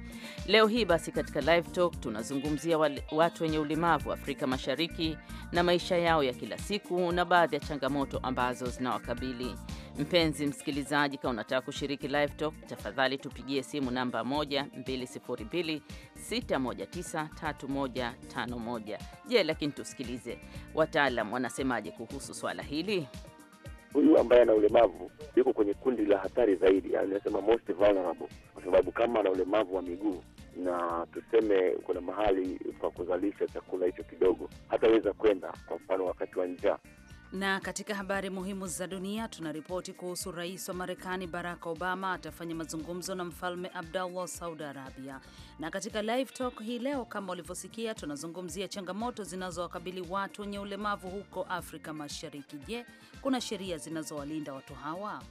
Leo hii basi, katika live talk tunazungumzia watu wenye ulemavu Afrika Mashariki na maisha yao ya kila siku na baadhi ya changamoto ambazo zinawakabili. Mpenzi msikilizaji, kama unataka kushiriki live talk, tafadhali tupigie simu namba 12026193151. Je, lakini tusikilize wataalam wanasemaje kuhusu swala hili. Huyu ambaye ana ulemavu yuko kwenye kundi la hatari zaidi, anasema most vulnerable, kwa sababu kama ana ulemavu wa miguu na tuseme kuna mahali pa kuzalisha chakula hicho kidogo, hataweza kwenda, kwa mfano wakati wa njaa na katika habari muhimu za dunia tunaripoti kuhusu rais wa Marekani Barack Obama atafanya mazungumzo na mfalme Abdullah Saudi Arabia. Na katika live talk hii leo, kama ulivyosikia, tunazungumzia changamoto zinazowakabili watu wenye ulemavu huko Afrika Mashariki. Je, kuna sheria zinazowalinda watu hawa?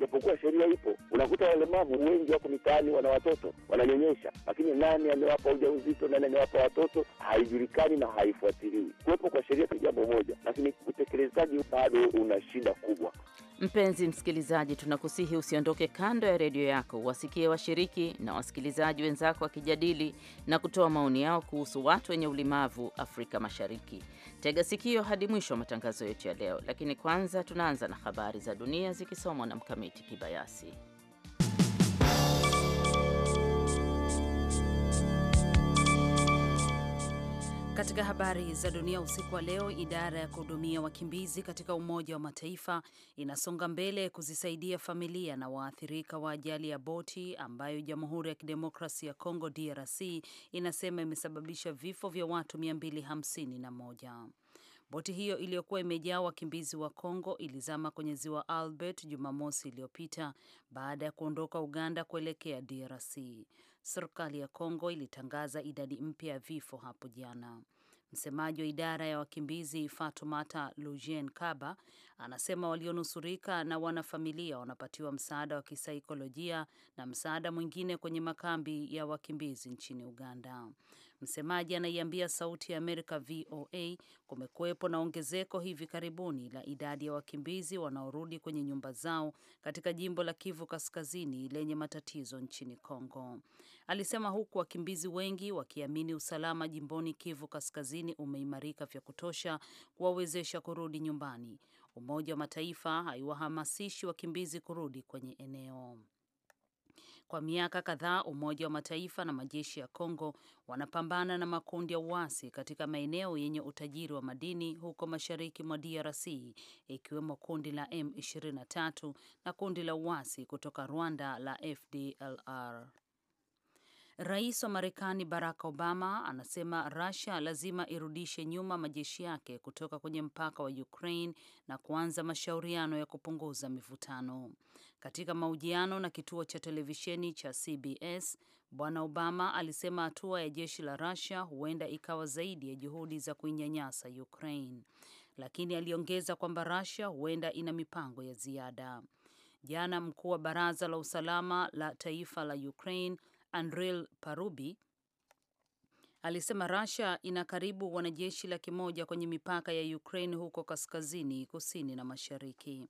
japokuwa sheria ipo. Unakuta walemavu wengi wako mitaani, wana watoto wananyonyesha, lakini nani amewapa ujauzito, nani amewapa watoto haijulikani na haifuatiliwi. Kuwepo kwa sheria ni jambo moja, lakini utekelezaji bado una shida kubwa. Mpenzi msikilizaji, tunakusihi usiondoke kando ya redio yako, wasikie washiriki na wasikilizaji wenzako wakijadili na kutoa maoni yao kuhusu watu wenye ulemavu Afrika Mashariki. Tega sikio hadi mwisho wa matangazo yetu ya leo, lakini kwanza tunaanza na habari za dunia zikisomwa na Mkamiti Kibayasi. Katika habari za dunia usiku wa leo, idara ya kuhudumia wakimbizi katika Umoja wa Mataifa inasonga mbele kuzisaidia familia na waathirika wa ajali ya boti ambayo Jamhuri ya Kidemokrasi ya Kongo DRC inasema imesababisha vifo vya watu 251. Boti hiyo iliyokuwa imejaa wakimbizi wa Kongo ilizama kwenye ziwa Albert Jumamosi iliyopita baada ya kuondoka Uganda kuelekea DRC serikali ya Kongo ilitangaza idadi mpya ya vifo hapo jana. Msemaji wa idara ya wakimbizi Fatumata Lujien Kaba anasema walionusurika na wanafamilia wanapatiwa msaada wa kisaikolojia na msaada mwingine kwenye makambi ya wakimbizi nchini Uganda. Msemaji anaiambia Sauti ya Amerika VOA kumekuwepo na ongezeko hivi karibuni la idadi ya wakimbizi wanaorudi kwenye nyumba zao katika jimbo la Kivu Kaskazini lenye matatizo nchini Kongo. Alisema huku wakimbizi wengi wakiamini usalama jimboni Kivu Kaskazini umeimarika vya kutosha kuwawezesha kurudi nyumbani. Umoja wa Mataifa haiwahamasishi wakimbizi kurudi kwenye eneo kwa miaka kadhaa, Umoja wa Mataifa na majeshi ya Kongo wanapambana na makundi ya uasi katika maeneo yenye utajiri wa madini huko mashariki mwa DRC, ikiwemo kundi la M23 na kundi la uasi kutoka Rwanda la FDLR. Rais wa Marekani Barack Obama anasema Russia lazima irudishe nyuma majeshi yake kutoka kwenye mpaka wa Ukraine na kuanza mashauriano ya kupunguza mivutano. Katika mahojiano na kituo cha televisheni cha CBS, Bwana Obama alisema hatua ya jeshi la Russia huenda ikawa zaidi ya juhudi za kuinyanyasa Ukraine, lakini aliongeza kwamba Russia huenda ina mipango ya ziada. Jana mkuu wa baraza la usalama la taifa la Ukraine Andriy Parubi alisema Russia ina karibu wanajeshi laki moja kwenye mipaka ya Ukraine huko kaskazini, kusini na mashariki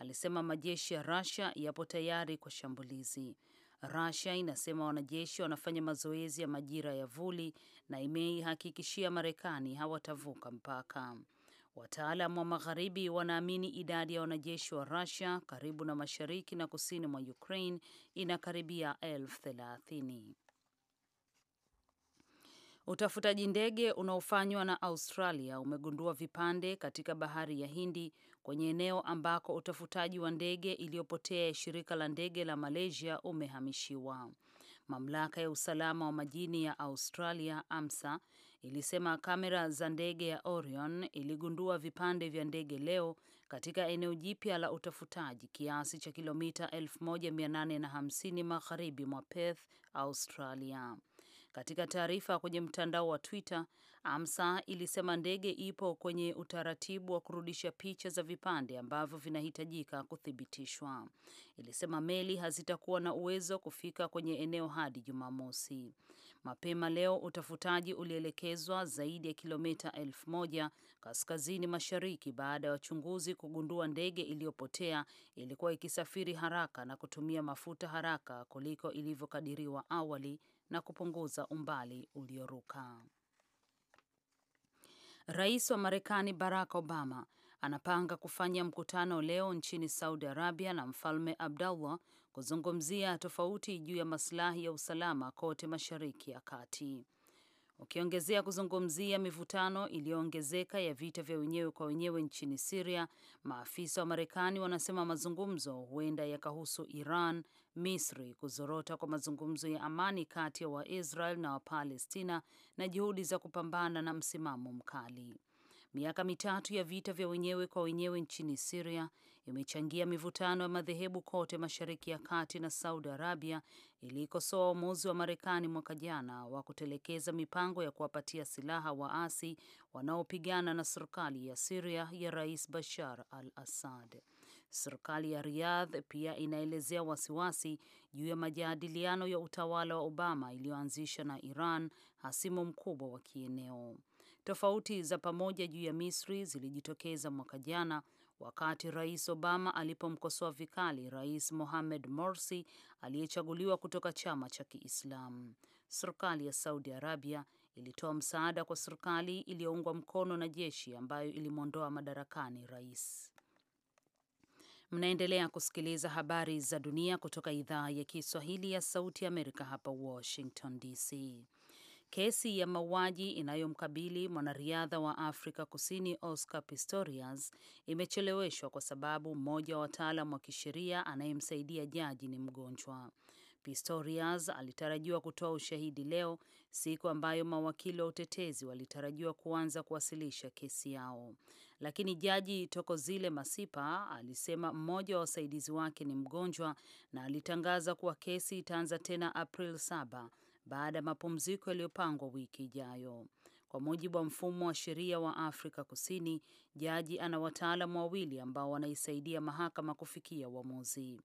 alisema majeshi ya Russia yapo tayari kwa shambulizi. Russia inasema wanajeshi wanafanya mazoezi ya majira ya vuli na imeihakikishia Marekani hawatavuka mpaka. Wataalam wa magharibi wanaamini idadi ya wanajeshi wa Russia karibu na mashariki na kusini mwa Ukraine inakaribia elfu thelathini. Utafutaji ndege unaofanywa na Australia umegundua vipande katika bahari ya Hindi kwenye eneo ambako utafutaji wa ndege iliyopotea ya shirika la ndege la Malaysia umehamishiwa. Mamlaka ya usalama wa majini ya Australia AMSA ilisema kamera za ndege ya Orion iligundua vipande vya ndege leo katika eneo jipya la utafutaji kiasi cha kilomita 1850 magharibi mwa Perth, Australia. Katika taarifa kwenye mtandao wa Twitter, AMSA ilisema ndege ipo kwenye utaratibu wa kurudisha picha za vipande ambavyo vinahitajika kuthibitishwa. Ilisema meli hazitakuwa na uwezo kufika kwenye eneo hadi Jumamosi. Mapema leo utafutaji ulielekezwa zaidi ya kilomita elfu moja kaskazini mashariki baada ya wachunguzi kugundua ndege iliyopotea ilikuwa ikisafiri haraka na kutumia mafuta haraka kuliko ilivyokadiriwa awali, na kupunguza umbali ulioruka. Rais wa Marekani Barack Obama anapanga kufanya mkutano leo nchini Saudi Arabia na Mfalme Abdullah kuzungumzia tofauti juu ya masilahi ya usalama kote Mashariki ya Kati ukiongezea kuzungumzia mivutano iliyoongezeka ya vita vya wenyewe kwa wenyewe nchini Siria. Maafisa wa Marekani wanasema mazungumzo huenda yakahusu Iran, Misri, kuzorota kwa mazungumzo ya amani kati ya Waisrael na Wapalestina na juhudi za kupambana na msimamo mkali. Miaka mitatu ya vita vya wenyewe kwa wenyewe nchini Siria imechangia mivutano ya madhehebu kote Mashariki ya Kati na Saudi Arabia ilikosoa uamuzi wa Marekani mwaka jana wa kutelekeza mipango ya kuwapatia silaha waasi wanaopigana na serikali ya Siria ya Rais Bashar al Assad. Serikali ya Riyadh pia inaelezea wasiwasi juu ya majadiliano ya utawala wa Obama iliyoanzisha na Iran, hasimu mkubwa wa kieneo. Tofauti za pamoja juu ya Misri zilijitokeza mwaka jana wakati Rais Obama alipomkosoa vikali Rais Mohamed Morsi aliyechaguliwa kutoka chama cha Kiislamu. Serikali ya Saudi Arabia ilitoa msaada kwa serikali iliyoungwa mkono na jeshi ambayo ilimwondoa madarakani rais. Mnaendelea kusikiliza habari za dunia kutoka idhaa ya Kiswahili ya Sauti ya Amerika hapa Washington DC kesi ya mauaji inayomkabili mwanariadha wa Afrika Kusini Oscar Pistorius imecheleweshwa kwa sababu mmoja wa wataalam wa kisheria anayemsaidia jaji ni mgonjwa. Pistorius alitarajiwa kutoa ushahidi leo, siku ambayo mawakili wa utetezi walitarajiwa kuanza kuwasilisha kesi yao, lakini jaji tokozile Masipa alisema mmoja wa wasaidizi wake ni mgonjwa na alitangaza kuwa kesi itaanza tena April saba baada ya mapumziko yaliyopangwa wiki ijayo. Kwa mujibu wa mfumo wa sheria wa Afrika Kusini, jaji ana wataalamu wawili ambao wanaisaidia mahakama kufikia uamuzi.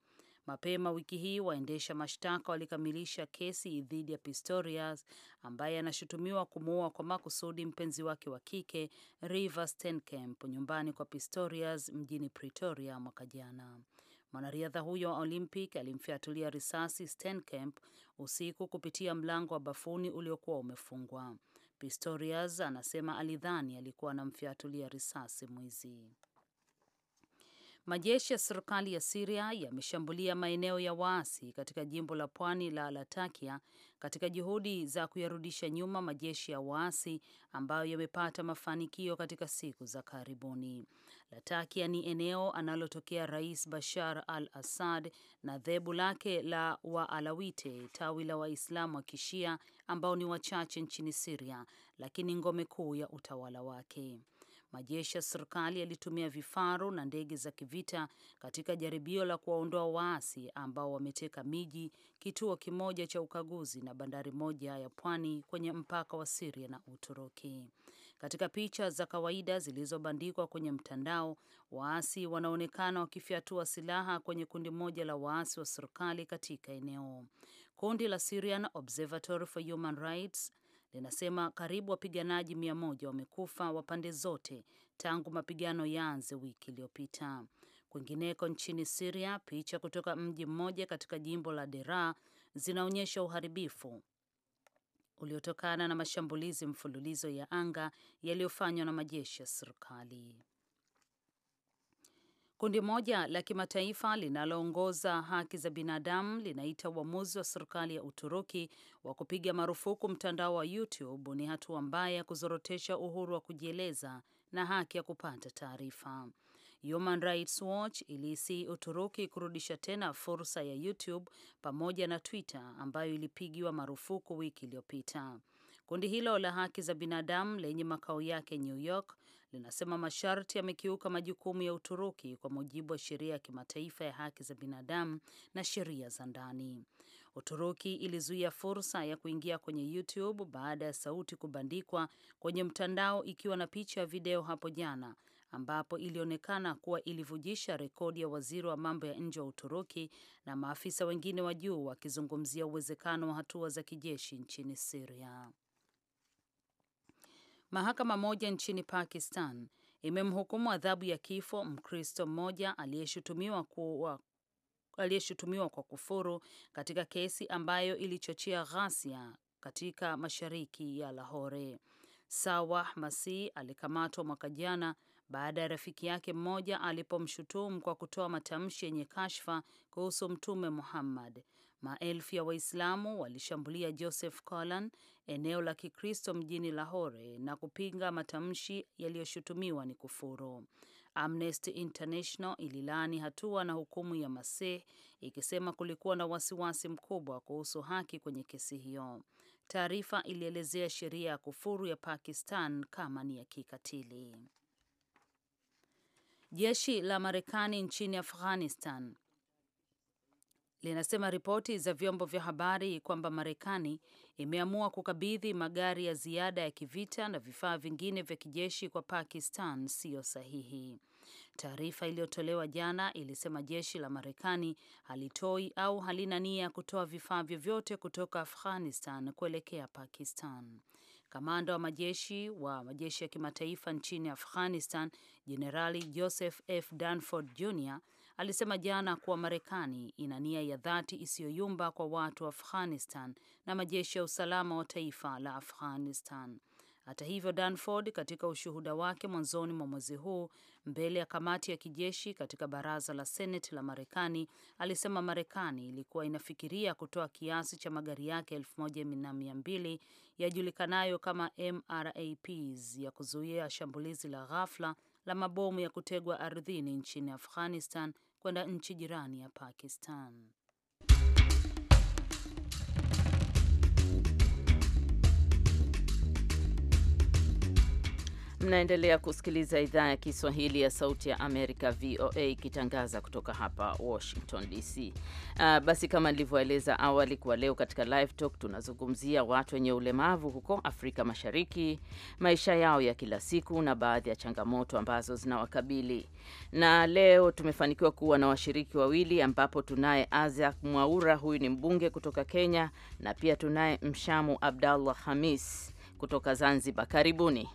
Mapema wiki hii waendesha mashtaka walikamilisha kesi dhidi ya Pistorius ambaye anashutumiwa kumuua kwa makusudi mpenzi wake wa kike rive Steenkamp nyumbani kwa Pistorius mjini Pretoria mwaka jana. Mwanariadha huyo wa Olympic alimfyatulia risasi Steenkamp usiku kupitia mlango wa bafuni uliokuwa umefungwa. Pistorius anasema alidhani alikuwa anamfyatulia risasi mwizi. Majeshi ya serikali ya Siria yameshambulia maeneo ya waasi katika jimbo la pwani la Latakia katika juhudi za kuyarudisha nyuma majeshi ya waasi ambayo yamepata mafanikio katika siku za karibuni. Latakia ni eneo analotokea Rais Bashar al Assad na dhehebu lake la Waalawite, tawi la Waislamu wa Kishia ambao ni wachache nchini Siria, lakini ngome kuu ya utawala wake. Majeshi ya serikali yalitumia vifaru na ndege za kivita katika jaribio la kuwaondoa waasi ambao wameteka miji, kituo kimoja cha ukaguzi na bandari moja ya pwani kwenye mpaka wa Siria na Uturuki. Katika picha za kawaida zilizobandikwa kwenye mtandao, waasi wanaonekana wakifyatua silaha kwenye kundi moja la waasi wa serikali katika eneo. Kundi la Syrian Observatory for Human Rights linasema karibu wapiganaji mia moja wamekufa wa pande zote tangu mapigano yaanze wiki iliyopita. Kwingineko nchini Siria, picha kutoka mji mmoja katika jimbo la Deraa zinaonyesha uharibifu uliotokana na mashambulizi mfululizo ya anga yaliyofanywa na majeshi ya serikali. Kundi moja la kimataifa linaloongoza haki za binadamu linaita uamuzi wa serikali ya Uturuki wa kupiga marufuku mtandao wa YouTube ni hatua mbaya ya kuzorotesha uhuru wa kujieleza na haki ya kupata taarifa. Human Rights Watch iliisii Uturuki kurudisha tena fursa ya YouTube pamoja na Twitter ambayo ilipigiwa marufuku wiki iliyopita. Kundi hilo la haki za binadamu lenye makao yake New York linasema masharti yamekiuka majukumu ya Uturuki kwa mujibu wa sheria ya kimataifa ya haki za binadamu na sheria za ndani. Uturuki ilizuia fursa ya kuingia kwenye YouTube baada ya sauti kubandikwa kwenye mtandao ikiwa na picha ya video hapo jana, ambapo ilionekana kuwa ilivujisha rekodi ya waziri wa mambo ya nje wa Uturuki na maafisa wengine wa juu wakizungumzia uwezekano wa hatua za kijeshi nchini Syria. Mahakama moja nchini Pakistan imemhukumu adhabu ya kifo Mkristo mmoja aliyeshutumiwa kuwa aliyeshutumiwa kwa kufuru katika kesi ambayo ilichochea ghasia katika mashariki ya Lahore. Sawah Masih alikamatwa mwaka jana baada ya rafiki yake mmoja alipomshutumu kwa kutoa matamshi yenye kashfa kuhusu Mtume Muhammad. Maelfu ya Waislamu walishambulia Joseph colan eneo la Kikristo mjini Lahore, na kupinga matamshi yaliyoshutumiwa ni kufuru. Amnesty International ililaani hatua na hukumu ya Masih ikisema kulikuwa na wasiwasi mkubwa kuhusu haki kwenye kesi hiyo. Taarifa ilielezea sheria ya kufuru ya Pakistan kama ni ya kikatili. Jeshi la Marekani nchini Afghanistan linasema ripoti za vyombo vya habari kwamba Marekani imeamua kukabidhi magari ya ziada ya kivita na vifaa vingine vya kijeshi kwa Pakistan siyo sahihi. Taarifa iliyotolewa jana ilisema jeshi la Marekani halitoi au halina nia ya kutoa vifaa vyovyote kutoka Afghanistan kuelekea Pakistan. Kamanda wa majeshi wa majeshi ya kimataifa nchini Afghanistan, Jenerali Joseph F Dunford Jr alisema jana kuwa Marekani ina nia ya dhati isiyoyumba kwa watu wa Afghanistan na majeshi ya usalama wa taifa la Afghanistan. Hata hivyo, Danford katika ushuhuda wake mwanzoni mwa mwezi huu mbele ya kamati ya kijeshi katika baraza la Seneti la Marekani alisema Marekani ilikuwa inafikiria kutoa kiasi cha magari yake elfu moja na mia mbili yajulikanayo kama MRAPs ya kuzuia shambulizi la ghafla la mabomu ya kutegwa ardhini nchini Afghanistan kwenda nchi jirani ya Pakistan. Mnaendelea kusikiliza idhaa ya Kiswahili ya Sauti ya Amerika, VOA, ikitangaza kutoka hapa Washington DC. Uh, ah, basi kama nilivyoeleza awali, kwa leo katika Live Talk tunazungumzia watu wenye ulemavu huko Afrika Mashariki, maisha yao ya kila siku na baadhi ya changamoto ambazo zinawakabili. Na leo tumefanikiwa kuwa na washiriki wawili, ambapo tunaye Azak Mwaura, huyu ni mbunge kutoka Kenya, na pia tunaye Mshamu Abdallah Hamis kutoka Zanzibar. Karibuni.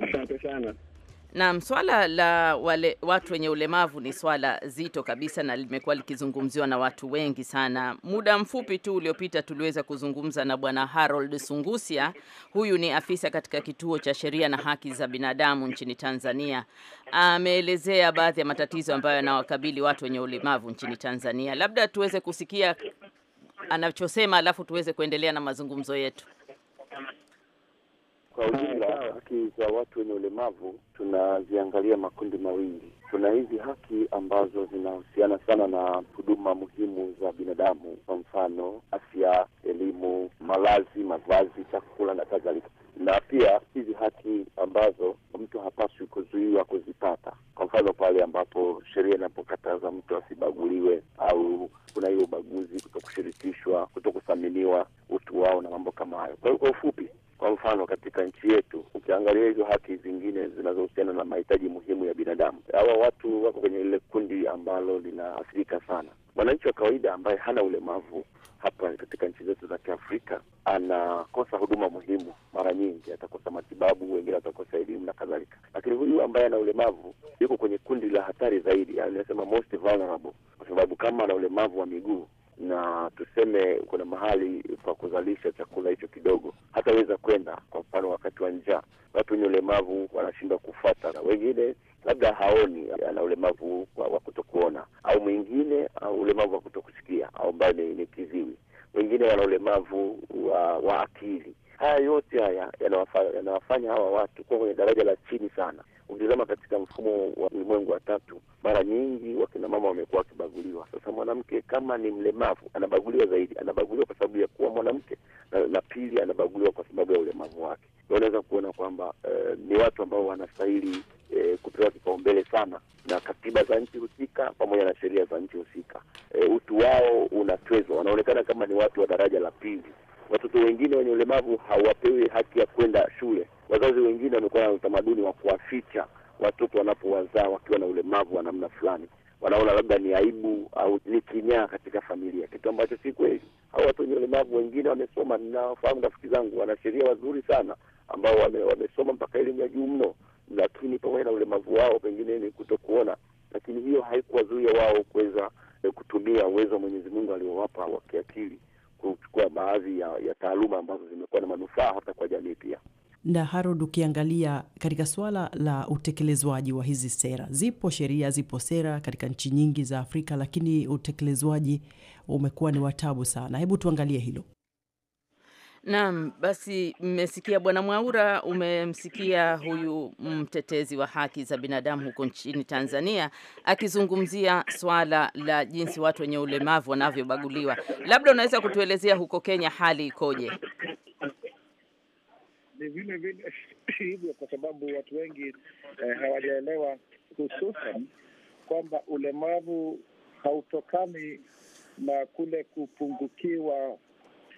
Asante sana. Naam, swala la wale watu wenye ulemavu ni swala zito kabisa na limekuwa likizungumziwa na watu wengi sana. Muda mfupi tu uliopita tuliweza kuzungumza na Bwana Harold Sungusia. Huyu ni afisa katika kituo cha sheria na haki za binadamu nchini Tanzania. Ameelezea baadhi ya matatizo ambayo yanawakabili watu wenye ulemavu nchini Tanzania. Labda tuweze kusikia anachosema, alafu tuweze kuendelea na mazungumzo yetu. Kwa ujumla, haki za watu wenye ulemavu tunaziangalia makundi mawili. Tuna hizi haki ambazo zinahusiana sana na huduma muhimu za binadamu, kwa mfano afya, elimu, malazi, mavazi, chakula na kadhalika, na pia hizi haki ambazo mtu hapaswi kuzuiwa kuzipata, kwa mfano pale ambapo sheria inapokataza mtu asibaguliwe au kuna hiyo ubaguzi, kuto kushirikishwa, kuto kuthaminiwa utu wao na mambo kama hayo. Kwa hiyo kwa ufupi kwa mfano katika nchi yetu, ukiangalia hizo haki zingine zinazohusiana na mahitaji muhimu ya binadamu, hawa watu wako kwenye lile kundi ambalo linaathirika sana. Mwananchi wa kawaida ambaye hana ulemavu hapa katika nchi zetu za Kiafrika anakosa huduma muhimu, mara nyingi atakosa matibabu, wengine atakosa elimu na kadhalika. Lakini huyu ambaye ana ulemavu yuko kwenye kundi la hatari zaidi, yani most vulnerable, kwa sababu kama ana ulemavu wa miguu na tuseme kuna mahali pa kuzalisha chakula hicho kidogo, hataweza kwenda. Kwa mfano, wakati wa njaa, watu wenye ulemavu wanashindwa kufata, wengine labda haoni, ana ulemavu wa kutokuona, au mwingine ulemavu wa kutokusikia, au ambayo ni, ni kiziwi. Wengine wana ulemavu wa, wa akili Haya yote haya yanawafanya hawa watu kuwa kwenye daraja la chini sana. Ukitizama katika mfumo wa ulimwengu wa tatu, mara nyingi wakina mama wamekuwa wakibaguliwa. Sasa mwanamke kama ni mlemavu anabaguliwa zaidi, anabaguliwa kwa sababu ya kuwa mwanamke na, na pili anabaguliwa kwa sababu ya ulemavu wake. Unaweza kuona kwamba eh, ni watu ambao wanastahili eh, kupewa kipaumbele sana na katiba za nchi husika pamoja na sheria za nchi husika. Eh, utu wao unatwezwa, wanaonekana kama ni watu wa daraja la pili watoto wengine wenye ulemavu hawapewi haki ya kwenda shule. Wazazi wengine wamekuwa na utamaduni wa kuwaficha watoto wanapowazaa wakiwa na ulemavu wa namna fulani, wanaona labda ni aibu au ni kinyaa katika familia, kitu ambacho si kweli. Hao watu wenye ulemavu wengine wamesoma, ninawafahamu rafiki zangu, wanasheria wazuri sana ambao wame, wamesoma mpaka elimu ya juu mno, lakini pamoja na ulemavu wao pengine ni kutokuona, lakini hiyo haikuwazuia wao kuweza kutumia uwezo wa Mwenyezi Mungu aliowapa wa kiakili kuchukua baadhi ya, ya taaluma ambazo zimekuwa na manufaa hata kwa jamii pia. Na harod ukiangalia katika suala la utekelezwaji wa hizi sera, zipo sheria, zipo sera katika nchi nyingi za Afrika, lakini utekelezwaji umekuwa ni watabu sana. Hebu tuangalie hilo. Naam, basi mmesikia Bwana Mwaura, umemsikia huyu mtetezi wa haki za binadamu huko nchini Tanzania akizungumzia swala la jinsi watu wenye ulemavu wanavyobaguliwa. Labda unaweza kutuelezea huko Kenya hali ikoje? Ni vile vile [clears throat] hivyo, kwa sababu watu wengi eh, hawajaelewa hususan kwamba ulemavu hautokani na kule kupungukiwa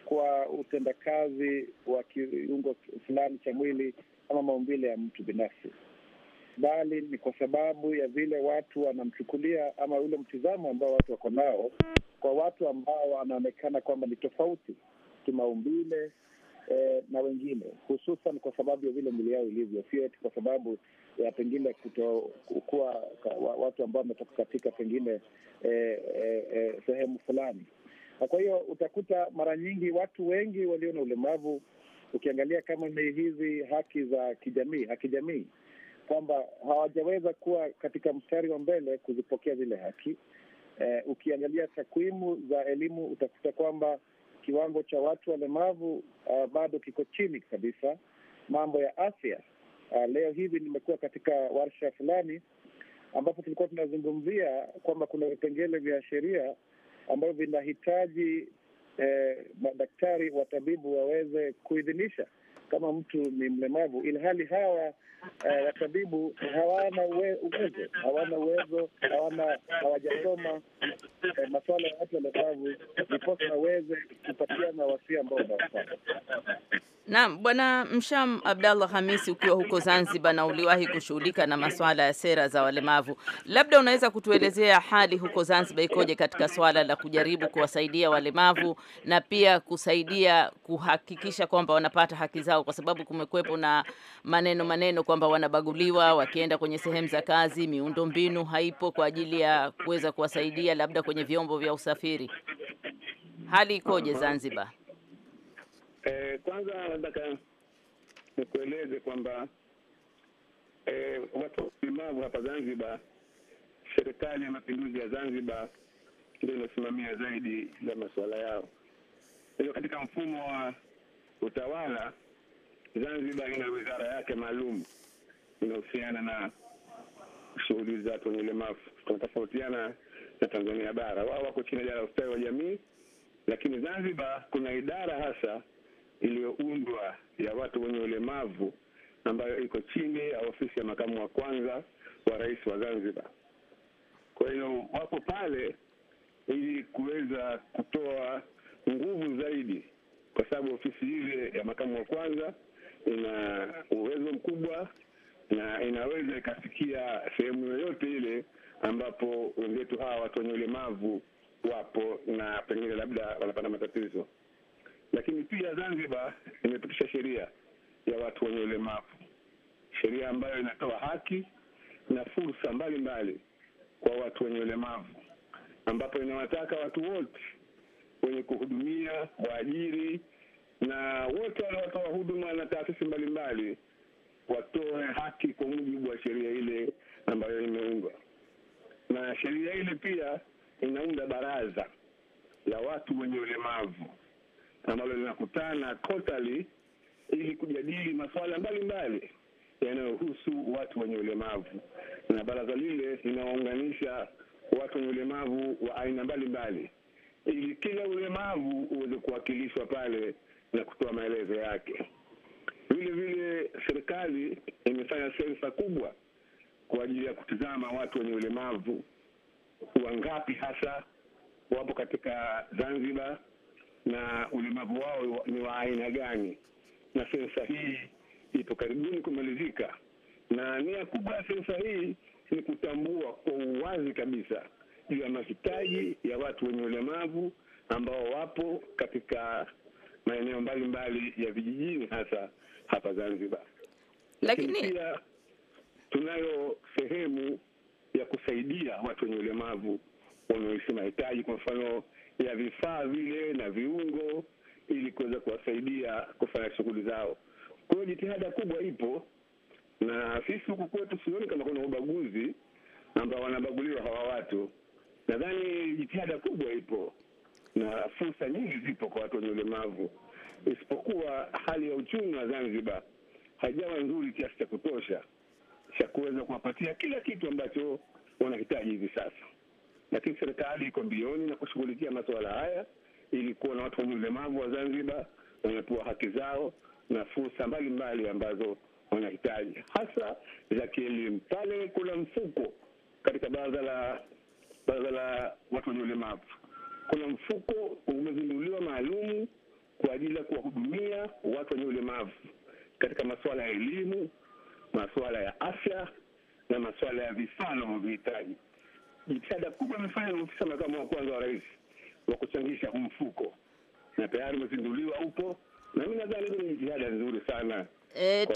kwa utendakazi wa kiungo fulani cha mwili ama maumbile ya mtu binafsi, bali ni kwa sababu ya vile watu wanamchukulia ama ule mtizamo ambao watu wako nao kwa watu ambao wanaonekana kwamba ni tofauti kimaumbile eh, na wengine, hususan kwa sababu ya vile mwili yao ilivyo, sio eti kwa sababu ya pengine kutokuwa watu ambao wametoka katika pengine eh, eh, eh, sehemu fulani na kwa hiyo utakuta mara nyingi watu wengi walio na ulemavu, ukiangalia kama ni hizi haki za kijamii, haki jamii, kwamba hawajaweza kuwa katika mstari wa mbele kuzipokea zile haki. Eh, ukiangalia takwimu za elimu utakuta kwamba kiwango cha watu walemavu uh, bado kiko chini kabisa. Mambo ya afya uh, leo hivi nimekuwa katika warsha fulani ambapo tulikuwa tunazungumzia kwamba kuna vipengele vya sheria ambayo vinahitaji eh, madaktari watabibu waweze kuidhinisha kama mtu ni mlemavu, ili hali hawa eh, watabibu hawana uwezo, hawana uwezo, hawana hawajasoma eh, masuala ya watu walemavu, ndiposa waweze kupatiana wasia ambao unawafaa na Bwana Msham Abdallah Hamisi, ukiwa huko Zanzibar na uliwahi kushughulika na masuala ya sera za walemavu, labda unaweza kutuelezea hali huko Zanzibar ikoje katika swala la kujaribu kuwasaidia walemavu na pia kusaidia kuhakikisha kwamba wanapata haki zao, kwa sababu kumekuwepo na maneno maneno kwamba wanabaguliwa wakienda kwenye sehemu za kazi, miundo mbinu haipo kwa ajili ya kuweza kuwasaidia labda kwenye vyombo vya usafiri. Hali ikoje Zanzibar? E, kwanza nataka nikueleze kwamba eh, watu wa ulemavu hapa Zanzibar, serikali ya mapinduzi ya Zanzibar ndio inasimamia zaidi ya masuala yao. Hivyo katika mfumo wa utawala, Zanzibar ina wizara yake maalum inahusiana na shughuli za watu wenye ulemavu. Tunatofautiana na Tanzania bara, wao wako chini ya idara ya ustawi wa jamii, lakini Zanzibar kuna idara hasa iliyoundwa ya watu wenye ulemavu ambayo iko chini ya ofisi ya makamu wa kwanza wa rais wa Zanzibar. Kwa hiyo wapo pale ili kuweza kutoa nguvu zaidi, kwa sababu ofisi ile ya makamu wa kwanza ina uwezo mkubwa na inaweza ikafikia sehemu yoyote ile ambapo wenzetu hawa watu wenye ulemavu wapo na pengine labda wanapata matatizo. Lakini pia Zanzibar imepitisha sheria ya watu wenye ulemavu, sheria ambayo inatoa haki na fursa mbalimbali kwa watu wenye ulemavu, ambapo inawataka watu wote wenye kuhudumia, waajiri na wote wanaotoa huduma na taasisi mbalimbali watoe haki kwa mujibu wa sheria ile ambayo imeundwa. Na sheria ile pia inaunda baraza la watu wenye ulemavu ambalo linakutana kotali ili kujadili masuala mbalimbali yanayohusu watu wenye ulemavu, na baraza lile linawaunganisha watu wenye ulemavu wa aina mbalimbali ili kila ulemavu uweze kuwakilishwa pale na kutoa maelezo yake. Vile vile serikali imefanya sensa kubwa kwa ajili ya kutizama watu wenye ulemavu wangapi hasa wapo katika Zanzibar na ulemavu wao ni wa aina gani. Na sensa hii ipo karibuni kumalizika, na nia kubwa ya sensa hii ni kutambua kwa uwazi kabisa juu ya mahitaji ya watu wenye ulemavu ambao wapo katika maeneo mbalimbali ya vijijini, hasa hapa Zanzibar. Lakini pia tunayo sehemu ya kusaidia watu wenye ulemavu wanaoishi mahitaji, kwa mfano ya vifaa vile na viungo ili kuweza kuwasaidia kufanya shughuli zao. Kwa hiyo jitihada kubwa ipo, na sisi huku kwetu sioni kama kuna ubaguzi ambao wanabaguliwa hawa watu. Nadhani jitihada kubwa ipo na fursa nyingi zipo kwa watu wenye ulemavu, isipokuwa hali ya uchumi wa Zanzibar haijawa nzuri kiasi cha kutosha cha kuweza kuwapatia kila kitu ambacho wanahitaji hivi sasa lakini serikali iko mbioni na kushughulikia masuala haya ili kuwa na watu wenye ulemavu wa Zanzibar wanapewa haki zao na fursa mbalimbali ambazo wanahitaji hasa za kielimu. Pale kuna mfuko katika baraza la baraza la watu wenye ulemavu, kuna mfuko umezinduliwa maalum kwa ajili ya kuwahudumia watu wenye ulemavu katika masuala ya elimu, masuala ya afya na masuala ya vifaa wanavyohitaji jitihada kubwa amefanya na ofisa makamu wa kwanza wa rais wa kuchangisha mfuko, na tayari umezinduliwa upo, na mimi nadhani ni jitihada nzuri sana. E,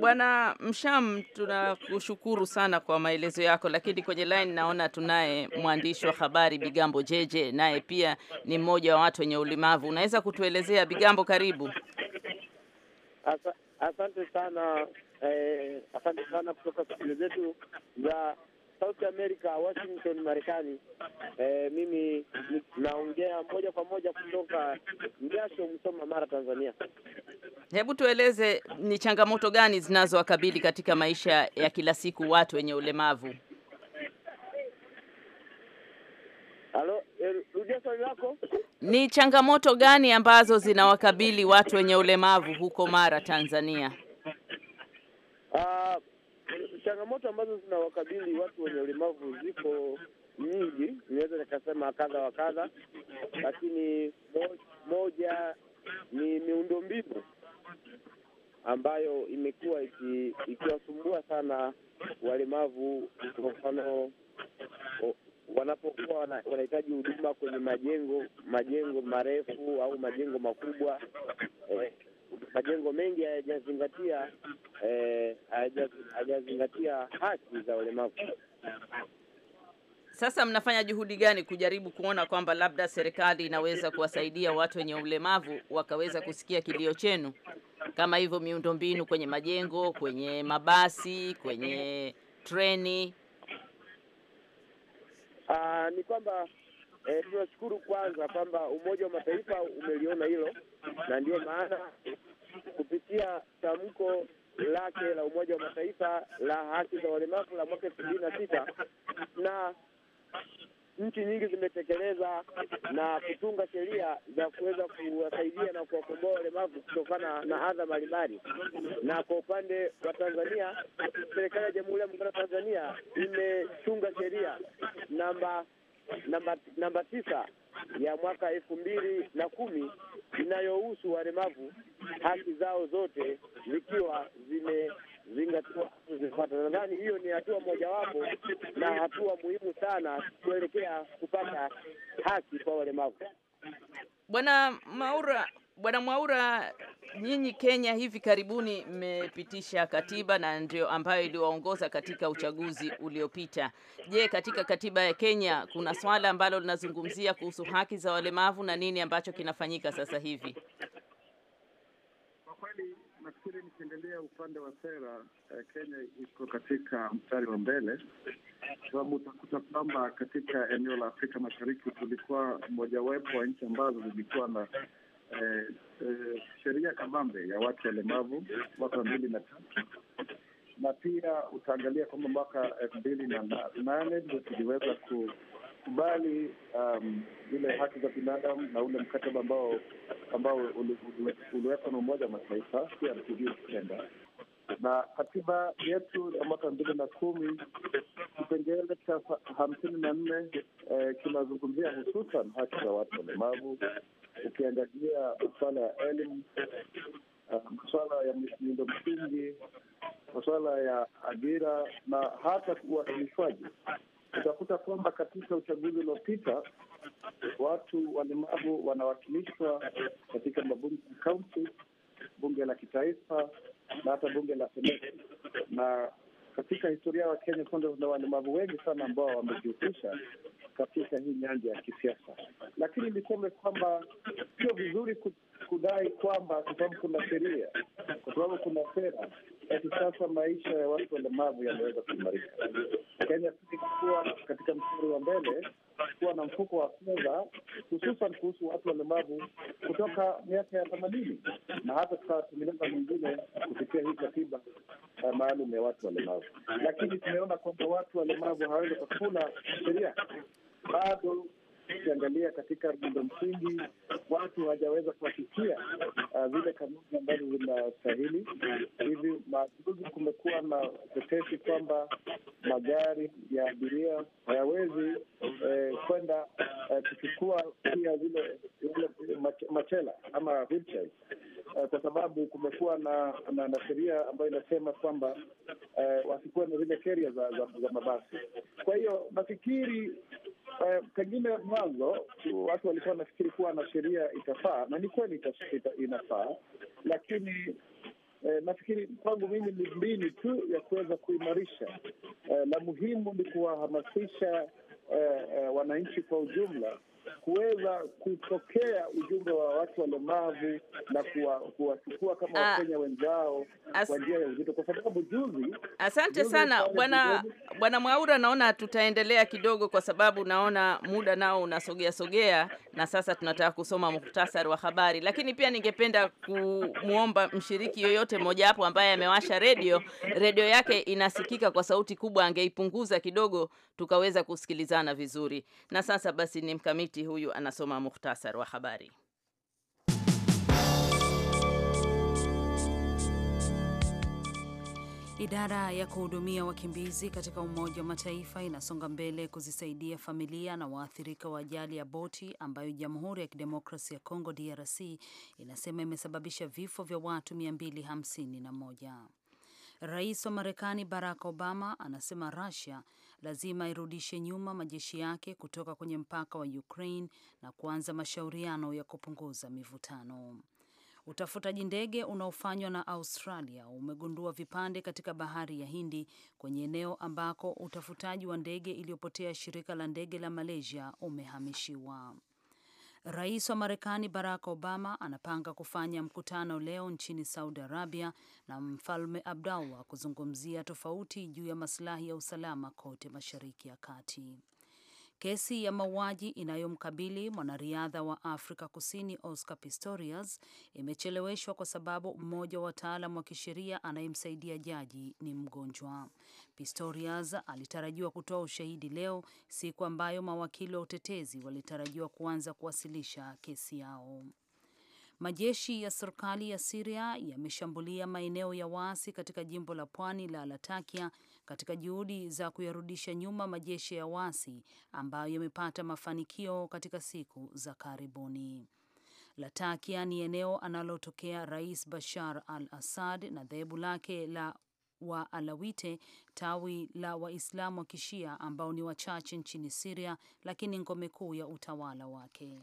Bwana Msham, tunakushukuru sana kwa maelezo yako, lakini kwenye line naona tunaye mwandishi wa habari Bigambo Jeje, naye pia ni mmoja wa watu wenye ulemavu. Unaweza kutuelezea Bigambo? Karibu. Asante sana eh, asante sana kutoka studio zetu za South America, Washington, Marekani. E, mimi naongea moja kwa moja kutoka Mjasho, Msoma, Mara, Tanzania. Hebu tueleze ni changamoto gani zinazowakabili katika maisha ya kila siku watu wenye ulemavu? Halo, eh, rudia swali lako. Ni changamoto gani ambazo zinawakabili watu wenye ulemavu huko Mara, Tanzania? Uh, Changamoto ambazo zinawakabili watu wenye ulemavu ziko nyingi, inaweza nikasema kadha wa kadha, lakini moja ni miundombinu ambayo imekuwa ikiwasumbua iki sana walemavu, kwa mfano wanapokuwa wanahitaji huduma kwenye majengo majengo marefu au majengo makubwa eh, majengo mengi hayajazingatia eh, hayajazingatia eh, haki za ulemavu Sasa mnafanya juhudi gani kujaribu kuona kwamba labda serikali inaweza kuwasaidia watu wenye ulemavu wakaweza kusikia kilio chenu, kama hivyo miundombinu kwenye majengo, kwenye mabasi, kwenye treni? Aa, ah, ni kwamba eh, tunashukuru kwanza kwamba Umoja wa Mataifa umeliona hilo na ndiyo maana kupitia tamko lake la Umoja wa Mataifa la haki za walemavu la mwaka elfu mbili na sita na nchi nyingi zimetekeleza na kutunga sheria za kuweza kuwasaidia na kuwakomboa walemavu kutokana na adha mbalimbali. Na kwa upande wa Tanzania, serikali ya Jamhuri ya Muungano wa Tanzania imetunga sheria namba namba, namba tisa ya mwaka elfu mbili na kumi inayohusu walemavu, haki zao zote zikiwa zimezingatiwa. Nadhani hiyo ni hatua mojawapo na hatua muhimu sana kuelekea kupata haki kwa walemavu. Bwana Maura, Bwana Mwaura, nyinyi Kenya hivi karibuni mmepitisha katiba na ndio ambayo iliwaongoza katika uchaguzi uliopita. Je, katika katiba ya Kenya kuna swala ambalo linazungumzia kuhusu haki za walemavu na nini ambacho kinafanyika sasa hivi? Kwa kweli nafikiri nikiendelea upande wa sera, eh, Kenya iko katika mstari wa mbele, sababu utakuta kwamba katika eneo la Afrika Mashariki tulikuwa mojawapo wa nchi ambazo zilikuwa na eh, eh, sheria kabambe ya watu walemavu mwaka mbili na tatu na pia utaangalia kwamba mwaka elfu mbili na nane ndio tuliweza kukubali um, haki za binadamu na ule mkataba ambao ambao uliwekwa na Umoja wa Mataifa pia mtujui kutenda na katiba yetu ya mwaka mbili na kumi kipengele cha hamsini na nne eh, kinazungumzia hususan haki za watu walemavu ukiangazia masuala ya elimu, uh, masuala ya miundo msingi, masuala ya ajira na hata uwakilishwaji, utakuta kwamba katika uchaguzi uliopita watu walemavu wanawakilishwa katika mabunge ya kaunti, bunge la kitaifa na hata bunge la seneti. Na katika historia ya kwanza, kuna walemavu wengi sana ambao wamejihusisha katika hii nyanja ya kisiasa. Lakini niseme kwamba sio vizuri kudai kwamba kwa sababu kuna sheria, kwa sababu kuna sera, basi sasa maisha ya watu walemavu yameweza kuimarika. Kenya kuwa katika mstari wa mbele kuwa na mfuko wa fedha hususan kuhusu watu walemavu kutoka miaka ya themanini na hata tukatengeneza mwingine kupitia hii katiba eh, maalum ya watu walemavu, lakini tumeona kwamba watu walemavu hawawezi kakula sheria bado ukiangalia katika miundo msingi watu hawajaweza kuwafikia uh, zile kanuni ambazo zinastahili. Hivi majuzi kumekuwa na tetesi kwamba magari ya abiria hayawezi eh, kwenda eh, kuchukua pia zile machela ama wheelchairs eh, kwa sababu kumekuwa na, na, na sheria ambayo inasema kwamba eh, wasikuwe na zile keria za, za, za mabasi. Kwa hiyo nafikiri eh, pengine mwanzo watu walikuwa wanafikiri kuwa na sheria itafaa na ni kweli inafaa, lakini eh, nafikiri kwangu mimi ni mbini tu ya kuweza kuimarisha. Eh, la muhimu ni kuwahamasisha eh, eh, wananchi kwa ujumla kuweza kupokea ujumbe wa watu walemavu na kuwachukua kama ah, Wakenya wenzao kwa njia ya uzito, kwa sababu juzi. Asante sana bwana bwana Mwaura, naona tutaendelea kidogo, kwa sababu naona muda nao unasogea sogea, na sasa tunataka kusoma muhtasari wa habari, lakini pia ningependa kumwomba mshiriki yoyote mmojawapo ambaye amewasha redio, redio yake inasikika kwa sauti kubwa, angeipunguza kidogo tukaweza kusikilizana vizuri. Na sasa basi ni mkamiti Mkamiti huyu anasoma muhtasari wa habari. Idara ya kuhudumia wakimbizi katika Umoja wa Mataifa inasonga mbele kuzisaidia familia na waathirika wa ajali ya boti ambayo Jamhuri ya Kidemokrasi ya Kongo DRC inasema imesababisha vifo vya watu 251. Rais wa Marekani Barack Obama anasema Russia lazima irudishe nyuma majeshi yake kutoka kwenye mpaka wa Ukraine na kuanza mashauriano ya kupunguza mivutano. Utafutaji ndege unaofanywa na Australia umegundua vipande katika bahari ya Hindi kwenye eneo ambako utafutaji wa ndege iliyopotea shirika la ndege la Malaysia umehamishiwa. Rais wa Marekani Barack Obama anapanga kufanya mkutano leo nchini Saudi Arabia na Mfalme abdallah kuzungumzia tofauti juu ya masilahi ya usalama kote Mashariki ya Kati. Kesi ya mauaji inayomkabili mwanariadha wa Afrika Kusini Oscar Pistorius imecheleweshwa kwa sababu mmoja wa wataalam wa kisheria anayemsaidia jaji ni mgonjwa. Pistorius alitarajiwa kutoa ushahidi leo, siku ambayo mawakili wa utetezi walitarajiwa kuanza kuwasilisha kesi yao. Majeshi ya serikali ya Siria yameshambulia maeneo ya waasi katika jimbo la pwani la Latakia katika juhudi za kuyarudisha nyuma majeshi ya waasi ambayo yamepata mafanikio katika siku za karibuni. Latakia ni eneo analotokea Rais Bashar al Assad na dhehebu lake la wa Alawite, tawi la Waislamu wa Kishia ambao ni wachache nchini Siria, lakini ngome kuu ya utawala wake.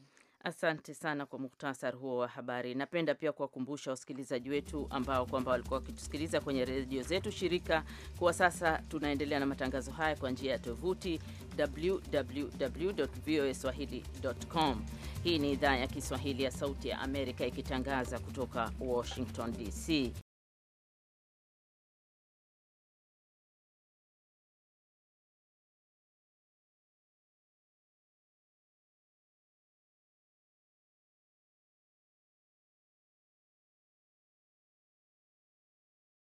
Asante sana kwa muhtasari huo wa habari. Napenda pia kuwakumbusha wasikilizaji wetu ambao kwamba walikuwa wakitusikiliza kwenye redio zetu shirika, kuwa sasa tunaendelea na matangazo haya kwa njia ya tovuti www.voaswahili.com. Hii ni idhaa ya Kiswahili ya Sauti ya Amerika ikitangaza kutoka Washington DC.